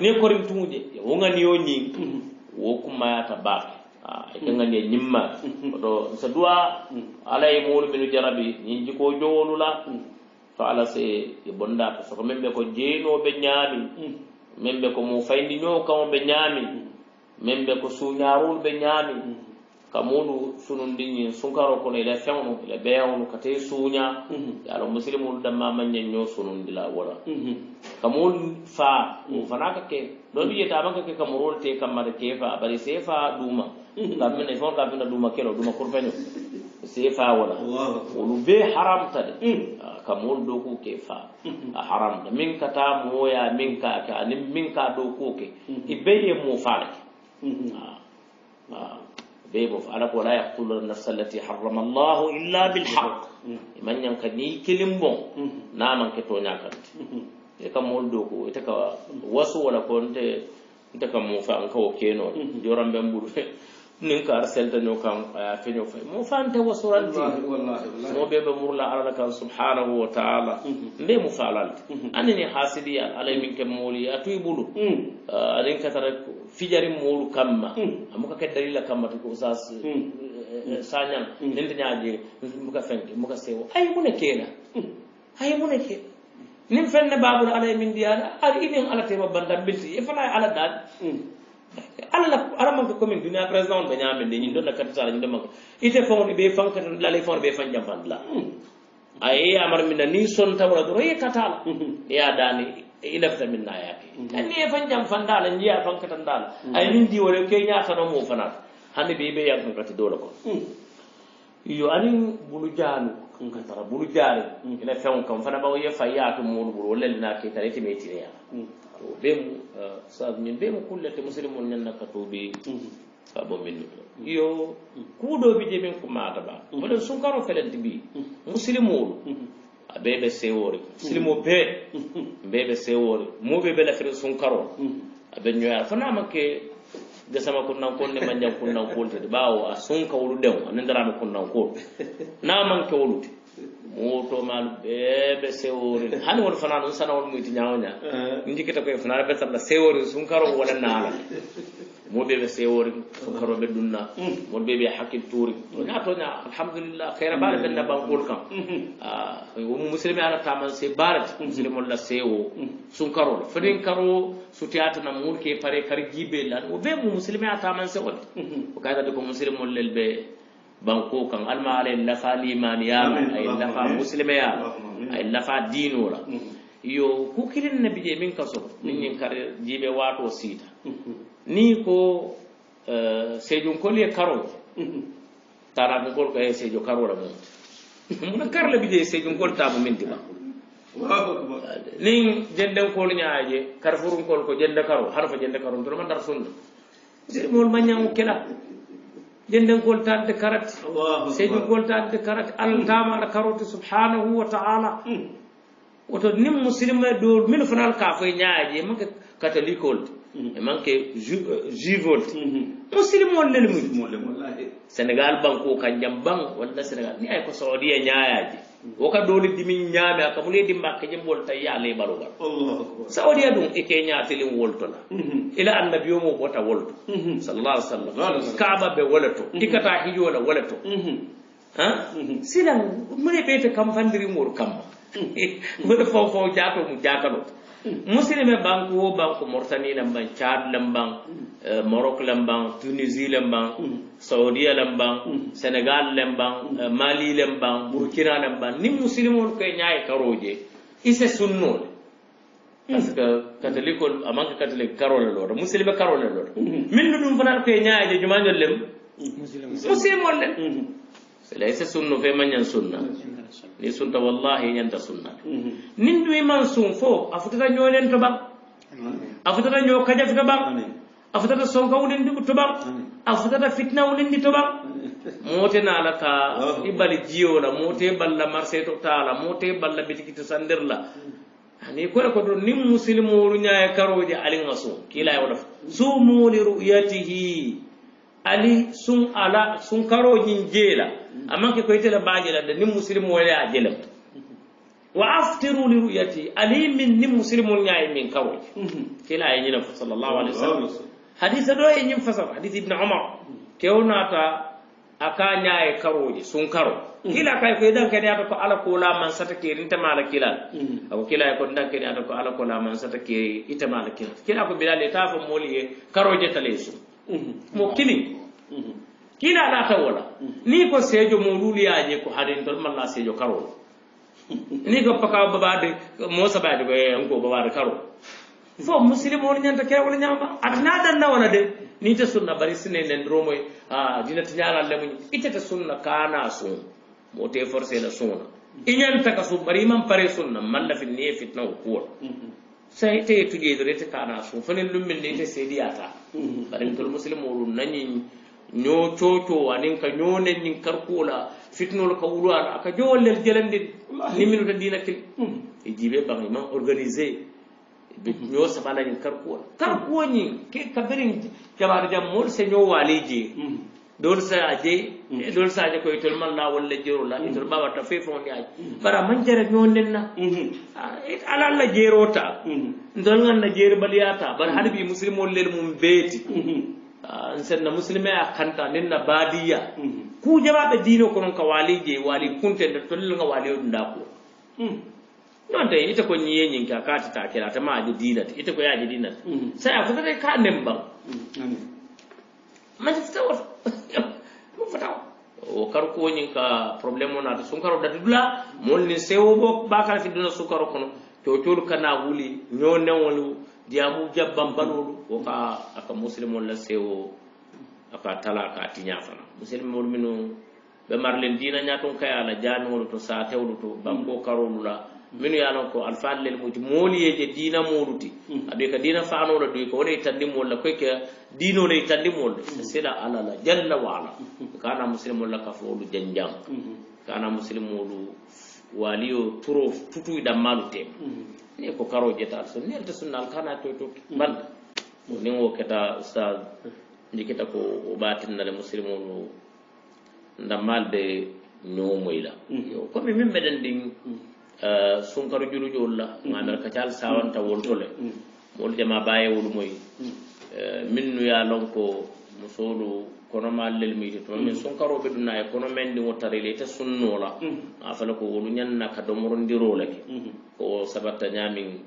S2: ni korim tumude yo ganiyo ni mm-hmm. wo kuma ta ñiŋŋandiye ah, ñimma mm-hmm. oto sa duwa mm-hmm. ala ye moolu minu jarabi ñiŋ jiko jowolu la mm-hmm. fa ala si i e bonda pasque meŋ be ko jeyino be ñaami meŋ be ko mu fayindiñoo kaŋo be ñaami meŋ be ko suuñaarolu be ñaami ka moolu sunundi ñiŋ sunkaro kono ila feŋolu ila beyaŋolu ka tey suuña ye alo musilimolu danma mañeñoo sunundi la wala ka moolu faa mu fana ka ke donu yeta a maŋ ka ke ka murolu te kammata kee faa bari see faa duuma kamina ifon e kamina ɗuma kelo ɗuma korfaño se fawona wolu be haramta de ah, kamol doku ke fa a haramta min kata moya min kake ani min ka doku ke ibe ye mo faleke ah, ah, be bo ala ko la yaqulu an-nafs allati harrama Allahu illa bil haqq man yan kani kelim bon mm-hmm. na man ke tonya kan e kam mol do ko e ta ka wasu wala ko nte nte kam mo fa an ko keno mm-hmm. joram ben buru nin ka ar seldañoo kan aya feño fay mo fante wo soranti somo ɓeɓe murla arana kan subhanahu wa taala mhm. nde mo falalde mhm. anini hasidiyal alay min ke mooli a tuy ɓulu mm. anin ah, katara fijarin moolu kamma mm. amoka ke dalila kamma to ko sas mm. eh, eh, eh, sañan nentañaje moka fenke moka sewo ay mune keena ay mune keena nin fenne babuno alay min ndiyaade ar inin alatema bandambilti e fana ala daade alla araman ko commune duniya président on ne ñaminde ñin ɗon nakkati sala ñin ɗomanko ite fawni ɓe fankata lalay fawni ɓe fan jamfandila a yeyamar minna ni sontawra ɗoro ye katala ya dani ilafta min nayake anni e fan jam fan jiya fankatandala ay nin diwore ke ñatano mo fanata hande ɓe ɓe yankankati dole ko yo anin bulu jaanu ka tara bulu jaari ina feŋo kam fana ɓawo ye wala moolu bulu wo lelina ketara ite hmm. ɓe tireyala to ɓen sabu min ɓe kulle kullete muslimu nen na ka to ɓe mhm. sabu min mhm. yo kuuɗoɓe je min ko mata ba oɗen mhm. sunkaro felenti mbi muslimuolu aɓe ɓe sewore muslimo bee mbe ɓe sewore muɓe ɓe lafiri sunkaro aɓe ñoya fanama ke desama kunnankol ne manjan kunnankoltede ɓawo a sunka woluɗen anendarama kunnankol naman ke wolude moto mal bebe sewori hani wol fana non sana wol muyti nyawnya ndi kita ko fana be sabla sewori sun karo wala nala mo bebe sewori sun karo be dunna mo bebe hakil turi na to nya alhamdulillah khaira bal be na ban kol kam ah wo muslimi ala taman se barat muslimo la sewo sun karo fadin karo su tiata na mulke pare kar gibe lan o be muslimi ala taman se wol ko kaga de ko muslimo lel be banko kan alma ala nafa limaniyama ay nafa muslimeya ay nafa dinola mm-hmm. yo ku kilin na bije min kaso min nin mm-hmm. kar jibe wato sita mm-hmm. ni ko eh, sejun kolye karo tara ko gol ko sejo karo ra mun mun kar la bije sejun kol ta mun tiba nin jende kol nyaaje kar furun kol ko jende karo harfa jende karo to man dar sunna sir mol manyam kela dendengol tanɗe karate seeɗigol tanɗe karate allah tamaɗa karote subhanahu wa taala hmm. oto nin musilma ɗo e min fanal kafoye ñaaje manke catholique olde hmm. e manke juve olde musilmol lel mum sénégal banko kanjam ban wonda sénégal ni ay ko saudia e ñaayaji wo ka doole dimin ñaame a kamule dimbakke je wolta ye alay barogal saodiya ɗum ike e ñaatelin woltola mhm. ila annabi omo bota wolto mhm. salallah sallam kaaba ɓe wole to mhm. ikkata hijola wole to a sila mune ɓeyte kam fandirimor kamma mone fofo jaato mo jaatalo musilime banku wo banku mortani lamban thad lamban eh, morok lamban tunisie lamban saudia lamban sénégal lamban eh, mali lamban burkina lamban ni musilimolu koye ñaye karoje ise sunnole parce que catholiqueol a manque catholique karole loota musilime karole loota mm-hmm. min du ɗum fanata koye ñayaje jumañol lem musilimol lem mm-hmm. laysa sunnu fe mañan sunna ni sunta wallahi ñanta sunna nin ɗumi man sun fo a futata ñolen to ɓam a futata ño kajafi to ɓam a futata sonka wulindi to ɓam a futata fitna wulindi to ɓam moote naala ka i bali jiyola moote balla marché to taala moote balla bitiki to sandirla ani kore ko ɗon nin musilmolu ñaya karoje alinga sun kiila wala fo sumuli ruyatihi ali sun ala sun karojin jeela ke ko itela da nin musilimu wole a jelem wa aftiru li ru'yati alimin min nin musilimu nyaay min kawo kila ye yin fo sallallahu alaihi wasallam hadisa do ye ñin fasam hadis ibn umar kew nata aka ñaye ji sun karo kila kay ko idan kene ata ko ala ko la man sata kiri intama ala kila ako kila ko dan kene ata ko ala ko la man sata kiri itama ala kila kila ko bilal ta fa moli karo je talesu mo kili kina na ta wala ni ko sejo mo ruli ya ni ko hadin dol malla sejo karo ni ko paka baba de mo saba de en ko baba de karo fo muslimo ni nyanta kewol wala nyamba atna dan na wala de ni ta sunna bari sine len romo a dina ta nyala le mun ite ta sunna kana so mo te force la sunna inyan ta ka su bari man pare sunna malla fi ne fitna ko mm-hmm. sai te e tuje da ta kana so fa ne lummin mm-hmm. ne ta sai diyata bari dol muslimo ru nanyin nyo coco anin ka ne nin karkola fitnol ka ka jo aka jowollel din ni minuta dina kil hmm. e jiibe ɓan iman organisé nyo hmm. sa sabala nin karkola ni hmm. ke ke jabar jam mur se nyo wali ji ɗon sa je e ɗon man na tol malla la. jerola e tol ta fe fowni aji bara man jara na e ala jero ta ndol ganna na jere baliata bar ɓi muslimo lel mum beeti Ah, na musulmai a kanta nin na badiya ku da dino konon ka wali je wali waali kuntede tollelga waali oɗunda hmm. ko don tawi ita ko ñiye ta hmm. a kira, ta hmm. ma aji dina ita ko ji dina Sai a dai ka nan ba amma fota wota mo fata o yin ka problem probléme da naata sunkaro dati dula mol sai wo ba ka fi duna sunkaro to cocolu kana wuli ñoo newolu diyamu jabban banolu wo ka aka musilimol la sewo aka tala ka tiña fana musilimol minu ɓe marlen dina ñaton kayala jamiolu to satewlu to bango karolu la minu yalon ko alfalilel muti moliyeje dina moluti hmm. aɗoy ka dina fanola ɗoy ko wone tandimolla koyke dinole tandimolle hmm. sila alala jalla wala hmm. kana musilimolla kafoolu janjang kana musilimolu waliyo turo tutuyɗammalu tem ni ko karo jeta alsun nelta sunna alkana toto balla o nin o keta ustad jikita ko o ɓatinnale muslim uno ndammalde ñomoyla comme mm-hmm. min meɗen ɗin mm-hmm. eh, sunkaro juluƴolla mamir mm-hmm. kacal sawanta woltole wol jama bayewol moy eh, min nuya lon ko musolu kono ma lelmiti toon min sunkaroɓe ɗuna e kono men ɗin wottarelete sunnola ma fala ko wolu ñanna ka domorondirolake وسبت نامين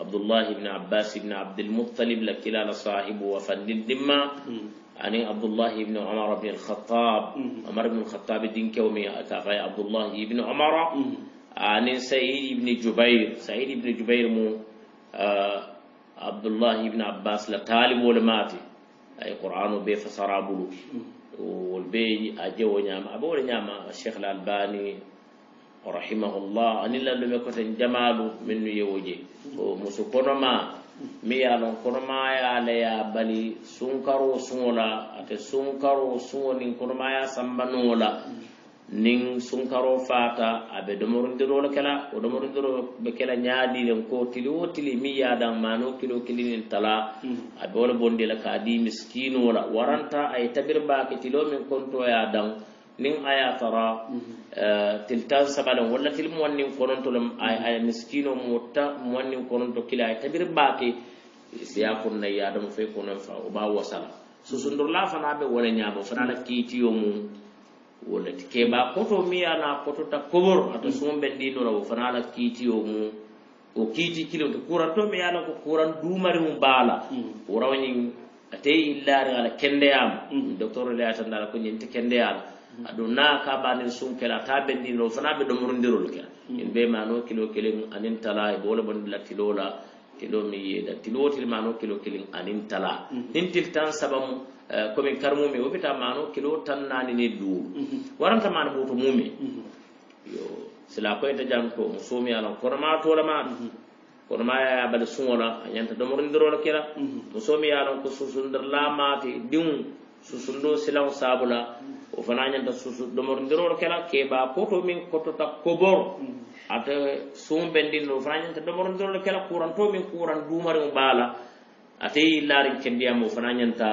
S2: عبد الله بن عباس بن عبد المطلب لكلا صاحب وفن الدمة أني يعني عبد الله بن عمر بن الخطاب عمر بن الخطاب الدين كومي أتغي عبد الله بن عمر أني يعني سعيد بن جبير سعيد بن جبير مو آه، عبد الله بن عباس لطالب ولماتي أي قرآن وبيف سرابلو والبي أجي ونعم أبو ونعم الشيخ الألباني rahimahullah anillanndu men koten jamalu min nu yewoje o musu konoma mi ya lon konomaya laya bani sunkaro suŋola ate sunkaro suŋo nin konomaya sambanuŋola nin sunkaro fata abe domorondirole kela o domorondiro be kela ñaadiren ko tili wo tili mi yadan mano kilo kilinin tala abe wole bondila ka di miskinola waranta aye tabir bake tilo min kontoya daŋ nin aya tara mhm. eh, tiltan sabalan wala tilmu wannin kononto lam aya mhm. miskino mota wannin kononto kila ay tabir baake siya kun ya adam fe konon fa o ba wasala la fana be wala nyaabo fana la tiyo mu wala ke ba koto miya na koto ta kobor ata mhm. sumbe ndino la fana la tiyo mu o kiiti kilo to kuran to mi yaala ko kuran duumari mu bala o rawañi atei illa ala kendeyama docteur o leyatandala ko ñinti kendeyala aɗum na ka banin sun kela ta bendiro fana ɓe ɗomrodirol kela mm. in ɓe mano kilo kelen anin tala e ɓole bonila tilola tilo mi yeda tilotil mano kilo kelen anin tala hintil mm. tan sabamu eh, komin karmumi wopita mano kilo tan nanini duu mm -hmm. waranta mano ɓoto mumi -hmm. yo sila koyta jan ko musumi ala konoma tolama konoma yaya bale sunola a ñanta ɗomrodirola kela musomi yalon ko susundirlamati ɗiu susundo silan sabula mm -hmm. o fana ñanta susu domor ndiror kela ke ba poto min kotota kobor mm. ata sumbendin o fana ñanta domor ndiror kela kuranto min kuran dumariŋo baala ate yillarin kendiyama o fana ñanta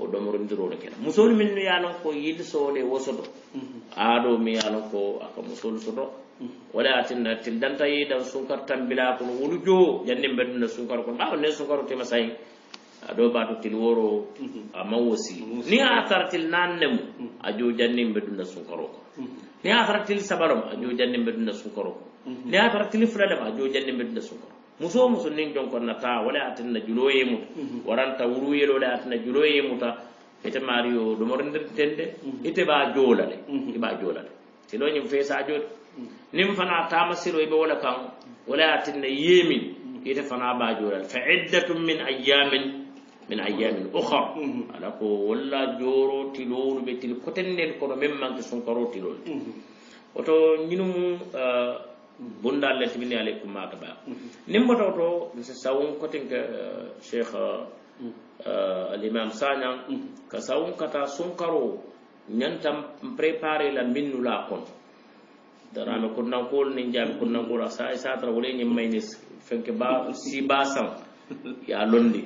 S2: o domor ndiror kela musolu min nu ya lon ko yil soole wo soto mm-hmm. aɗo mi ya lon ko aka musolu soto mm-hmm. wala atinna til dantayi dan sunkar tambila kono wolu joo jandin ɓe ɗum ne sunkar kono ɓawa ne sunkar tima sayin aɗo ɓatotil woro mhm. a mawosi ni a sartil nannem mhm. a jojannin ɓeɗumna sunkaro ko mhm. ni a sartil sabarom a jojannin ɓeɗumna sunkaro ko ni a sartil fulalem a jojannin ɓeɗumna sunkaro muso muso nin jonkonnata wala atenna juloye muta waranta wuruyel wala atenna juloye muta ete mario ɗumorndir tende iteɓa joolale iɓa joolale siloñim fesa jooɗi nin fana tama siro ɓe wola kan wala atenna yemin ite fana ɓa joolale fa iddatum min ayamin min ayamin ukhra ala ko walla joro tilownu ɓe tili kotennel kono min manke sunkaro tilol oto ñinumu bunda allah tibini aleykum maka ba nimboto to so sawun kotin ka cheikh al'imam sañan ka sawun kata sunkaro ñanta préparé la minnula kono darame konnankool nin jaabi konnankoola sa e satara wole ñin mayni fenke ba si ba san ya londi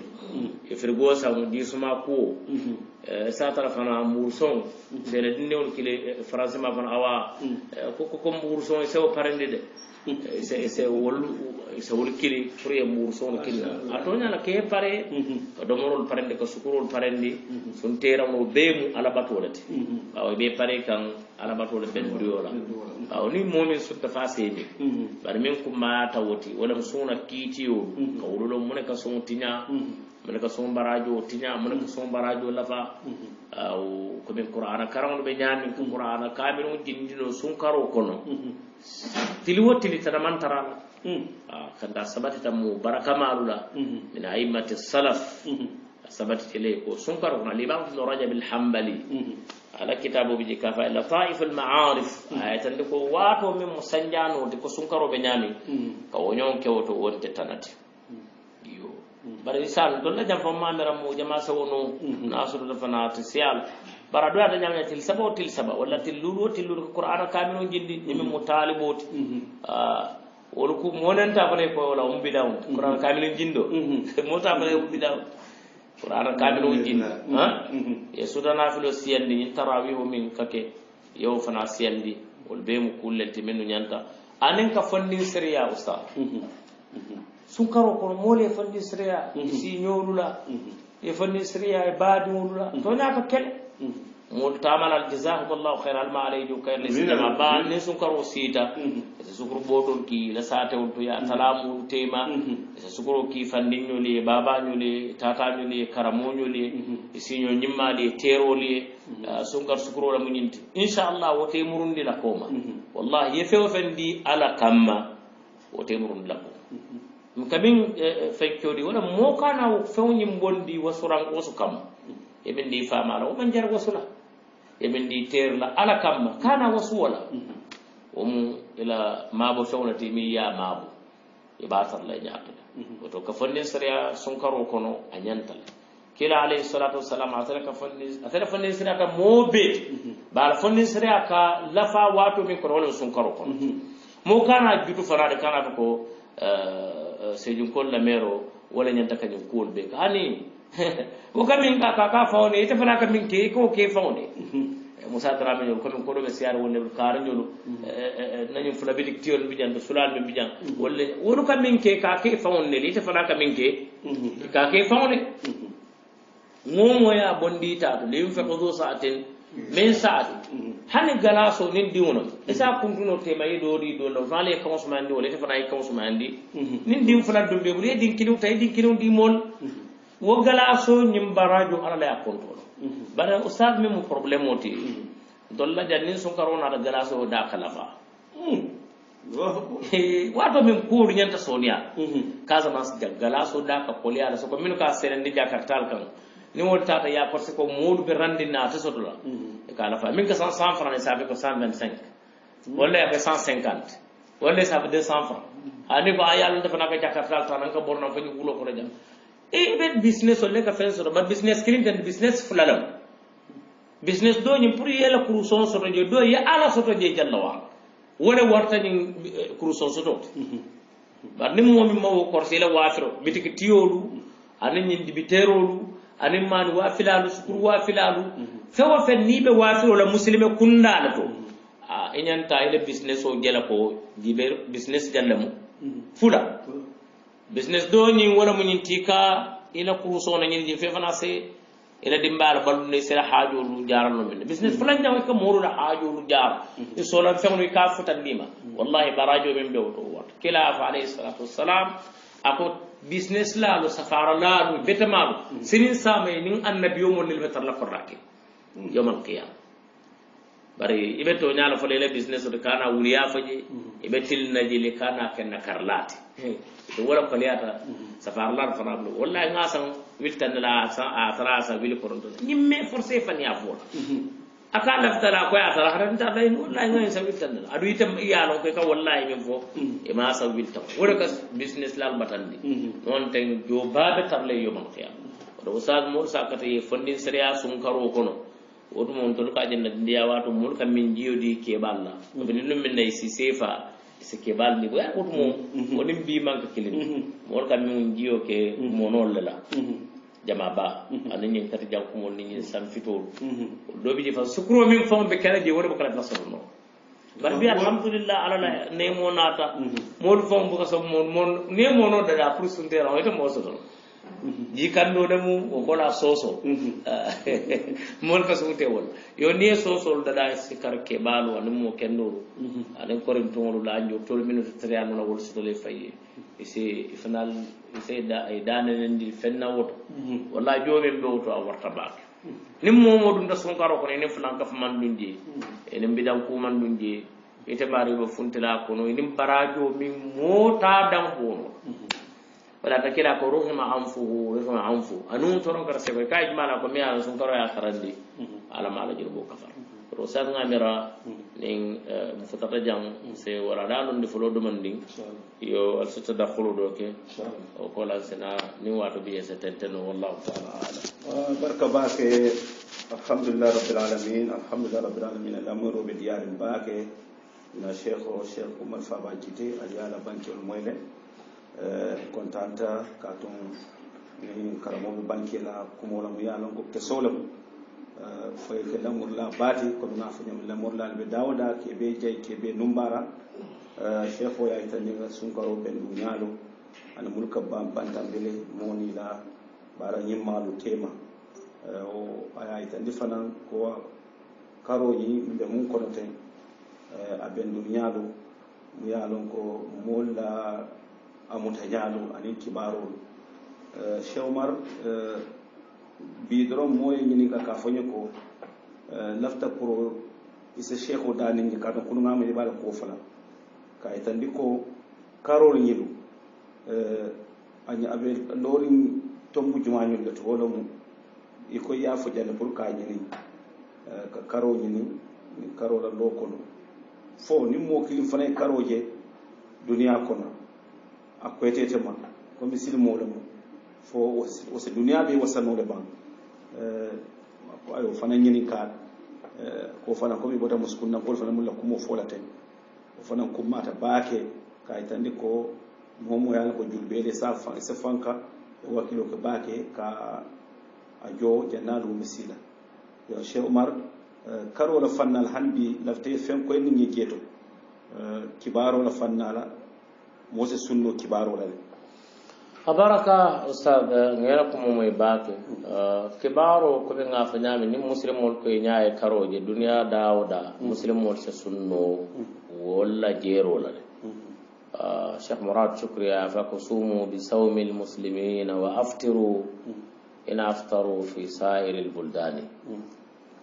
S2: e frigo sam disuma kuwo mhm. eh, satara fana mbursoŋ mhm. sene dindewon kili eh, françaisma fana awa mhm. eh, ko comme mbursoŋ e sewo parendi de Eh, se wol kili pour ye muursoŋolu kili a toña la kee pare ka mhm. mm-hmm. domorolu parendi ka sukurolu parendi sun teeraŋo bee mu alabatoo le ti awo mhm. mhm. i be pare kaŋ alabatoo le ben duyoo la awo niŋ moo miŋ sutta faa seeje bari miŋ kummaata wo ti wo lemu suŋo la kiitiyoo ka wolu lo mu ne ka suŋo tiñaa mu ne ka suŋo baraajo tiñaa mu ne ka suŋo baraajo lafa awo komin qur'ana karaŋolu be ñaamin ka qur'ana kaamiriŋo jindinoo sunkaroo kono tiliwo tili tanaman tarala hmm. ah, kanda sabatita mu barakamalu la hmm. min aimati salaf a hmm. sabatitele ko sunkar kono alimamu ibnu rajab alhambali ala kitabu bi jikka fa al ma'arif ayatande ko waato min mo sanjanode ko sunkaroɓe ñaami ka woñon kewoto wonte tanati yo bare isal donna jam fo mera mu jama sawono nasru da naata sial baradu ɗo ata ñamina til saba o til saba walla tilluɗo o tilluɗo ko qur'ana kamino jindi ñamin mo taaliboti wolu ku monenta fana koye wala on bida on qur'ana kamino jindo mota fana on bida on qur'ana kamino on ya e sudanafilo siyandi ñin tarawiho min kake yewo fana siyandi wolu ɓe mo kullelti min no ñanta anin ka fannin sériya usta sunkaro kono moole e fannin sériya si nyolula e fannin sériya e baadiŋolula to ñaka kele Mm-hmm. mun tamalal jasakumllahu khair alma alayjum kayr lesidama ba ni sukaro siita ese mm-hmm. sukuro ɓotol ki la satewol to ya mm-hmm. salamuol teyma ese sukuro ki fandiñolie babañole tataañolie karamoñolie sino ñimmaliye teroliye sunkar sukurola muñinte inchallah wote murundila koma wallah yefewo fendi ala kamma wote murundila koma kamin eh, eh, fekcodi wona mokanawo fewñim bondi wasuran osu kamma e di ndi famala oman jar wasula di ter la ala kam kana wasu wala womu ila maabo ti mi ya maabo e la e ko to ka fannin sariya sun karo kono a ñantala kila alayhi salatu wassalam atara ka atara fannin sariya ka ba la fannin sariya ka lafa wato min kono sun karo kono mo kana jutu farade kana ko sejum kol la mero wala nyanta ka jum ɓe be kani woga min ka kaka fawne ite fana ka min ke ko ke fawne moussa taramiñol komin koɗoɓe siyar wonde karañolu mm. eh, eh, eh, nañum flabidik tiyol mbiƴan to sulal mi mbiƴan mm. wolle wonu ka min ke kake fawne ite fana ka min ke mm-hmm. kake fawne ŋomoya mm-hmm. bonditato lim fekodo saten mm. min saate mm-hmm. hani galaso nin diwono isa kuntuno tema ye doori do law fana ye kawsumayandi wala ite fana ye kawsumayandi nin din fana dumbe bulu ye din kiliw ta ye din kiliw di mol wo galaso ñim barajo ala la yakontolo bara ustad mi mu problème oti dolla jannin sunkaro naata galaso da kalaba hmm. wato min kuuru ñanta soniya casamance hmm. jag galaso da ka koliyala soko minu ka senendi jakartal kan ni mo tata ya parce que moolu be randina te sotola hmm. e ka lafa min ka san cent franc ça fait ko cent vingt cinq walla ya ko cent cinquante walla ça fait deux cent franc ha ni defana ka jakartal ta nan ka borna fo ñu wulo ko la jam e eh, ɓen business o leka fen soto ma business crin tan business fulalam business doñin pour yela crouson soto je do ye ala soto je jallawa wone wartañin crouson soto bar ni eh, mhm. momin mawo korsila wafiro mitiki tiyolu anin ñin dibiterolu anin mani wafilalu sukur wafilalu mhm. fewo fen ni ɓe wafirola muslime kundala to mhm. a ah, iñanta ile business o jela ko jibe business jallamu fula business do ñiŋ wo lemu ñiŋ tiika i la kuusoo na ñiniŋ fe fana se i la dimbaala balu ne lu haajoolu no min ne business fula ñaŋ ka moolu la lu jaar jaaro so la feŋolu i ka futandi ma wallahi barajo min be woto wata kilaafa alayhi salatu wassalam ako business la laalu safara la lu betemaalu sinin saamaye niŋ annabiyomol nil be tara la korraake yowma qiyam bari ibe to nyaala fo lele business to kana wuriya faje ibe tilna jili kana kenna karlati do wala ko liata safar lar fana blu wallahi nga san wiltan la san a tara sa wil koronto nimme forcé fani afo aka laftara ko ya tara haran ta dai wala nga san wiltan la adu itam lo ko ka wallahi min fo e ma san wiltan wala ka business lal batandi non tan jo babe tarle yo man khiyam do sa mo sa kata ye fondin seriya sun karo kono wotum on tolu ka janna ndiya wato mun kam min jiyodi keɓal la ɓeni num min nayi si sefa si keɓal ndi boya wotum o onin mhm. mbi manque kilin mhm. mon kam min jiyo ke mhm. monolle la jama ba anañin kati jankumon niñin sanfitolu doɓiji fa sukuro min fan ɓe kere je woni bo kala nasoro no bar bi alhamdulillah alala nemo naata modu fan bokasomo mon ne mono dada pour sunteran oyta mosotono jikanɗo ɗemum o gola soosol mm-hmm. mon ka sowtewol yo ni e soosol daɗa sikar keɓalu anumo kenɗoɗo mm-hmm. aɗen korim tongolu la joɓtol minute trianona wolsitole fayi ese fanal ese e, e, e, e danenendi fennawoto mm-hmm. walla jomin ɓewto a warta bake nin momoɗum da sonkaro kono enen flankafa manɗum die enen mbiɗan kumanɗum die itemariɓe funtela kono enin barajo min mota dan bomo ولا تكلا كروه ما عنفه ما عنفه أنو ترون كرسي كاي جمالا كمي أنا ترى يا خرندي على ما على جنبه كفر روسات نامرا نين آه، مفتاتا جام سي ولا دالون دي فلو دومندين يو السوت دخلو دوكي او كولا سنا نيو واتو بي ستنتن والله تعالى
S1: بركه آه، باك الحمد لله رب العالمين الحمد لله رب العالمين الامر بديار باك نشيخ وشيخ عمر umar أجيال jite aliyala Eh, kontanta katum ni karamoɓe banque la kumola mu eh, eh, ya lon ko kesole mu foye ke lamurla baati kono na foñam lamurlal ɓe dawoda keɓe jeyi keɓe numbara chef o yayitaniga sunkaro ɓen ɗum ñaalo mulka ban bantambele monila bara ñimmalu tema o a yayitandi fanan ko karoji ɓe mum kono ten a ɓen ɗum ñaalo mu yalon amadou hiaalo anin kibarol eh, cheumar eh, bidoro moye ñininga ka foñi ko eh, lafta pour ise cheikh o daninge kano kunugama yiɓala kofala ka itandi ko karol ñilu aaɓe lori tombu jumañulle to wolo mum iko yafo jale pour ka ñini ka karo ñini karola lokono fo nin mokilin fanay karoje duniya kono akoyetete ma ko mi silmole ma fo wasa duniya ɓe wasanole ban eh, ay o fana ñini kaal eh, ko fana komi bota muskunnankol fana mulla kumo folaten o fana kummata baake kay tandi ko momoyala ko julɓele sase fanka e wakkilo ke baake ka a jo jannaɗu mi sila yo cheikh oumar eh, karola fannal hanndi lafte fen koyni ñiggeeto kibarola fannala mose sunno kibaro la habaraka ustad eh, ngera kuma mai baake eh, kibaro ko be ngafa
S2: nyaami ni muslimol ko karo karoje duniya da dawda muslimol se sunno wala jero la cheikh eh, murad shukri ya fa sumu bi sawmi musulmi muslimin wa aftiru ina aftaru fi sa'ir al buldani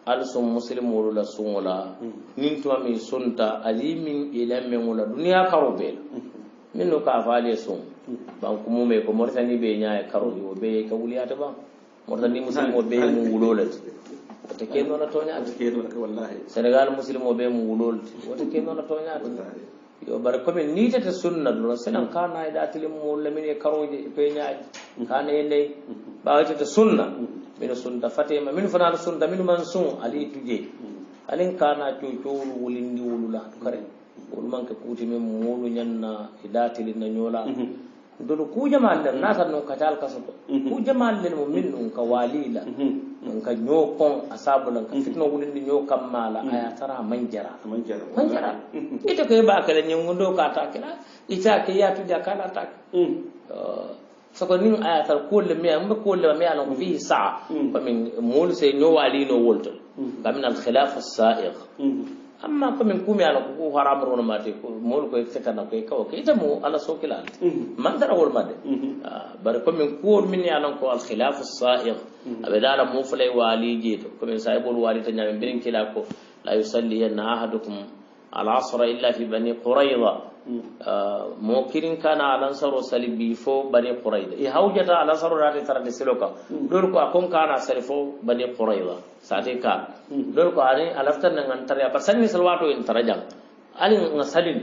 S2: ali sun musilimolu la suŋo la hmm. niŋ tuma miŋ sunta ali miŋ ila meŋo la duniya karo bee la hmm. minnu ka fa faale sun bankumu me ko moritani be ñaaye karoli o be ka wuliyata ba moritani musilimo be mu wulolati wote ke noona toñaati sénégal musilimo be mu wulolti wote ke noona toñaati yo bara komin niitata sunna ɗo senan kanaye ɗa tilimmulle min e karoje peñaji kana e ndey ɓawetata sunna mino sunta fatema min fanaata sunta min man sun ali tuje alin kana cocowol wolindi wolulaatu karen wol manke kuuti min moolu na e datilin na nyola. dodo ku jamal na tan non ka tal kaso ku jamal len mo min non ka walila non ka nyo kon asabu lan ka fitno wulin ni nyo kam mala aya tara manjara manjara manjara ita ko ba kala nyen gondo ka ta kira. ita ke ya tu da kala ta soko nin aya tar kolle me am kolle me ala ko fi sa ko min mol se nyo walino wolto kamin mhm. al khilaf as sa'iq mhm. amma ko min kumi ala ko haram rono mate ko mol ko se kana ko ko ita mu ala so kilal man dara wol made bar ko min ko min ya lan ko al khilaf as sa'iq abedala mu fulay wali je to ko min sahibul wali tan nyamin bin kila ko la yusalli yanahadukum ala sɔrɔ illa fi ba ni kurai ba mo kirinka na alansaro sali fo ba ni kurai da ya hau jata alansaro da ta ta da salo kan dole ko a ko ka na sali fo ka dole ko an ala fitan da n kan tare a pat sannan sali ba ta yu ɗin tara jan hali n ka salin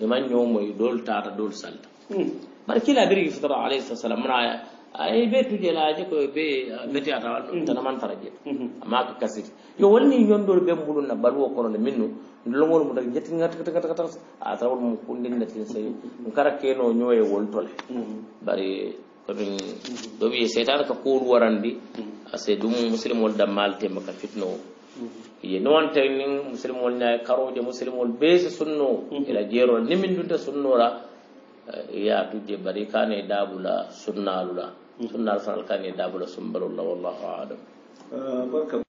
S2: iman ay ɓertu jelaaje ko ɓe eh, meti atawal ɗum mm. tana man fara jeet mm-hmm. amma ko kasiti yo wonni yondol ɓe mbulun na baluwo kono nde min nu ndelongol mu tag jettiatagatagatagas a tawol mum kundinnatin sayi mm-hmm. ɗum kara keno ñoye wol tole mm-hmm. bari koɗum ɗo wiye seytan ka kuur warandi ase ɗum musilimol dammal temba ka fitno o ye noon tawni musilimol ñaawi karoje musilimol beese sunnoo ila jeerol ni min ɗunta sunnora ya tuje bari kane dabula sunnalula sunnal sanal kane dabula sumbalolla wallahu alam
S1: barka